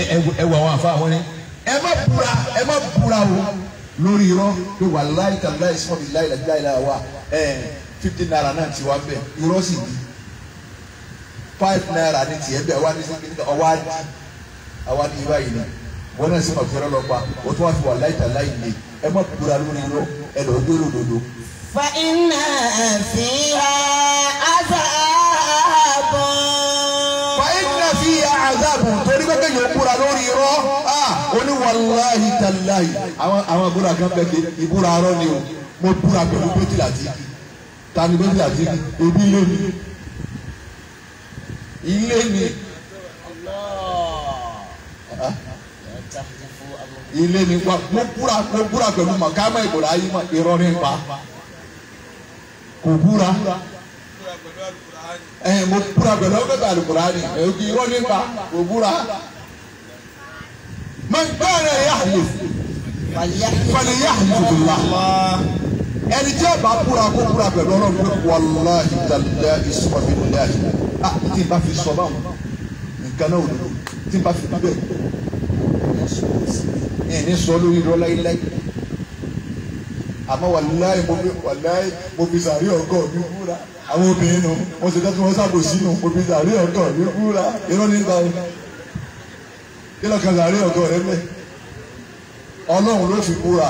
Speaker 2: ẹ ẹ ẹ wọ àwọn àfa àwọn ni ẹ má búra ẹ má búra o lórí irọ́ pé wà láì tàbí láì sọ́ọ̀dì láì láì láì wá fifty naira náà ti wá bẹ̀ irọ́ sì di five naira ní tiẹ̀ bẹ̀ wá ní sẹ́kìtì ọwọ́ àdì àwa ní ibà yìí ni wọn náà sì máa fẹ́rẹ́ lọ o tún wá fi wà láì tà láì lè ẹ má kúra lórí irọ́ ẹ lọ́ọ́ gbèrò dodo.
Speaker 1: fa iná fi
Speaker 2: wàláhì tàláhì àwọn àwọn àbúrò kan bẹ ké ìbúra arọ ni o mo búra pẹ̀lú bẹ́tìlá tí tani bẹ́tìlá tí ebi ilé mi ilé mi ilé mi wa mo búra mo búra pẹ̀lú màkàmá ìbúra ayé ma irọ́ ní pa kò búra ẹ mo búra pẹ̀lú ọgbẹ́ta àlùkùrá ni ẹ o kì í pa kò búra. من كان yahlif falyahlif billah ẹni tí a bá búra kó búra pẹ̀lú ọlọ́run pé wàláhi tàlẹ́ ìsọ̀fẹ́ níláhi a tí n bá fi sọ báwọn nǹkan náà ò lò tí n bá fi bíbẹ̀ ẹ̀ ní sọ lórí irọ́ láíláí àmọ́ wàláì wàláì mo fi sàrí ọgọ́ mi búra àwọn obìnrin nù wọ́n ṣe dájú wọ́n ṣàbòsí nù mo fi sàrí ọgọ́ mi búra irọ́ nígbà wọn kí lọ́kàn sàárè ọ̀gọ́ rẹ mẹ́ ọlọ́run ló fi búra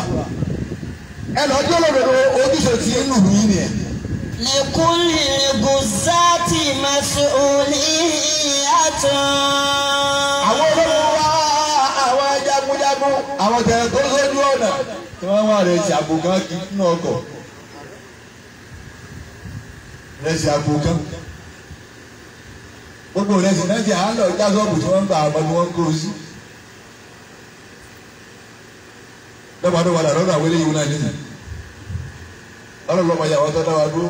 Speaker 2: ẹ lọ jẹ́ lọ́dọ̀dọ̀ ojúṣe tí ń lù yín nìyẹn.
Speaker 1: lèkúlì gùzáàtì mẹ́sùlì yàtọ̀. àwọn ológun wá àwọn
Speaker 2: jagunjagun àwọn tẹ̀lé tó lójú ọ̀nà tí wọ́n wà rẹ̀ ṣàbò kan kí nínú ọkọ̀ rẹ̀ ṣàbò kan gbogbo rẹ̀ sì náà ti à ń lọ já sọ́ọ̀bù tí wọ́n ń gba àmọ́ ni wọ́n ń kó o sí. lọ́pàá tó wà lọ́dọ̀ àwọn eléyìí wọn náà nílẹ̀
Speaker 3: ọlọ́lọ́mọ ìyàwó tó dáwà dúró.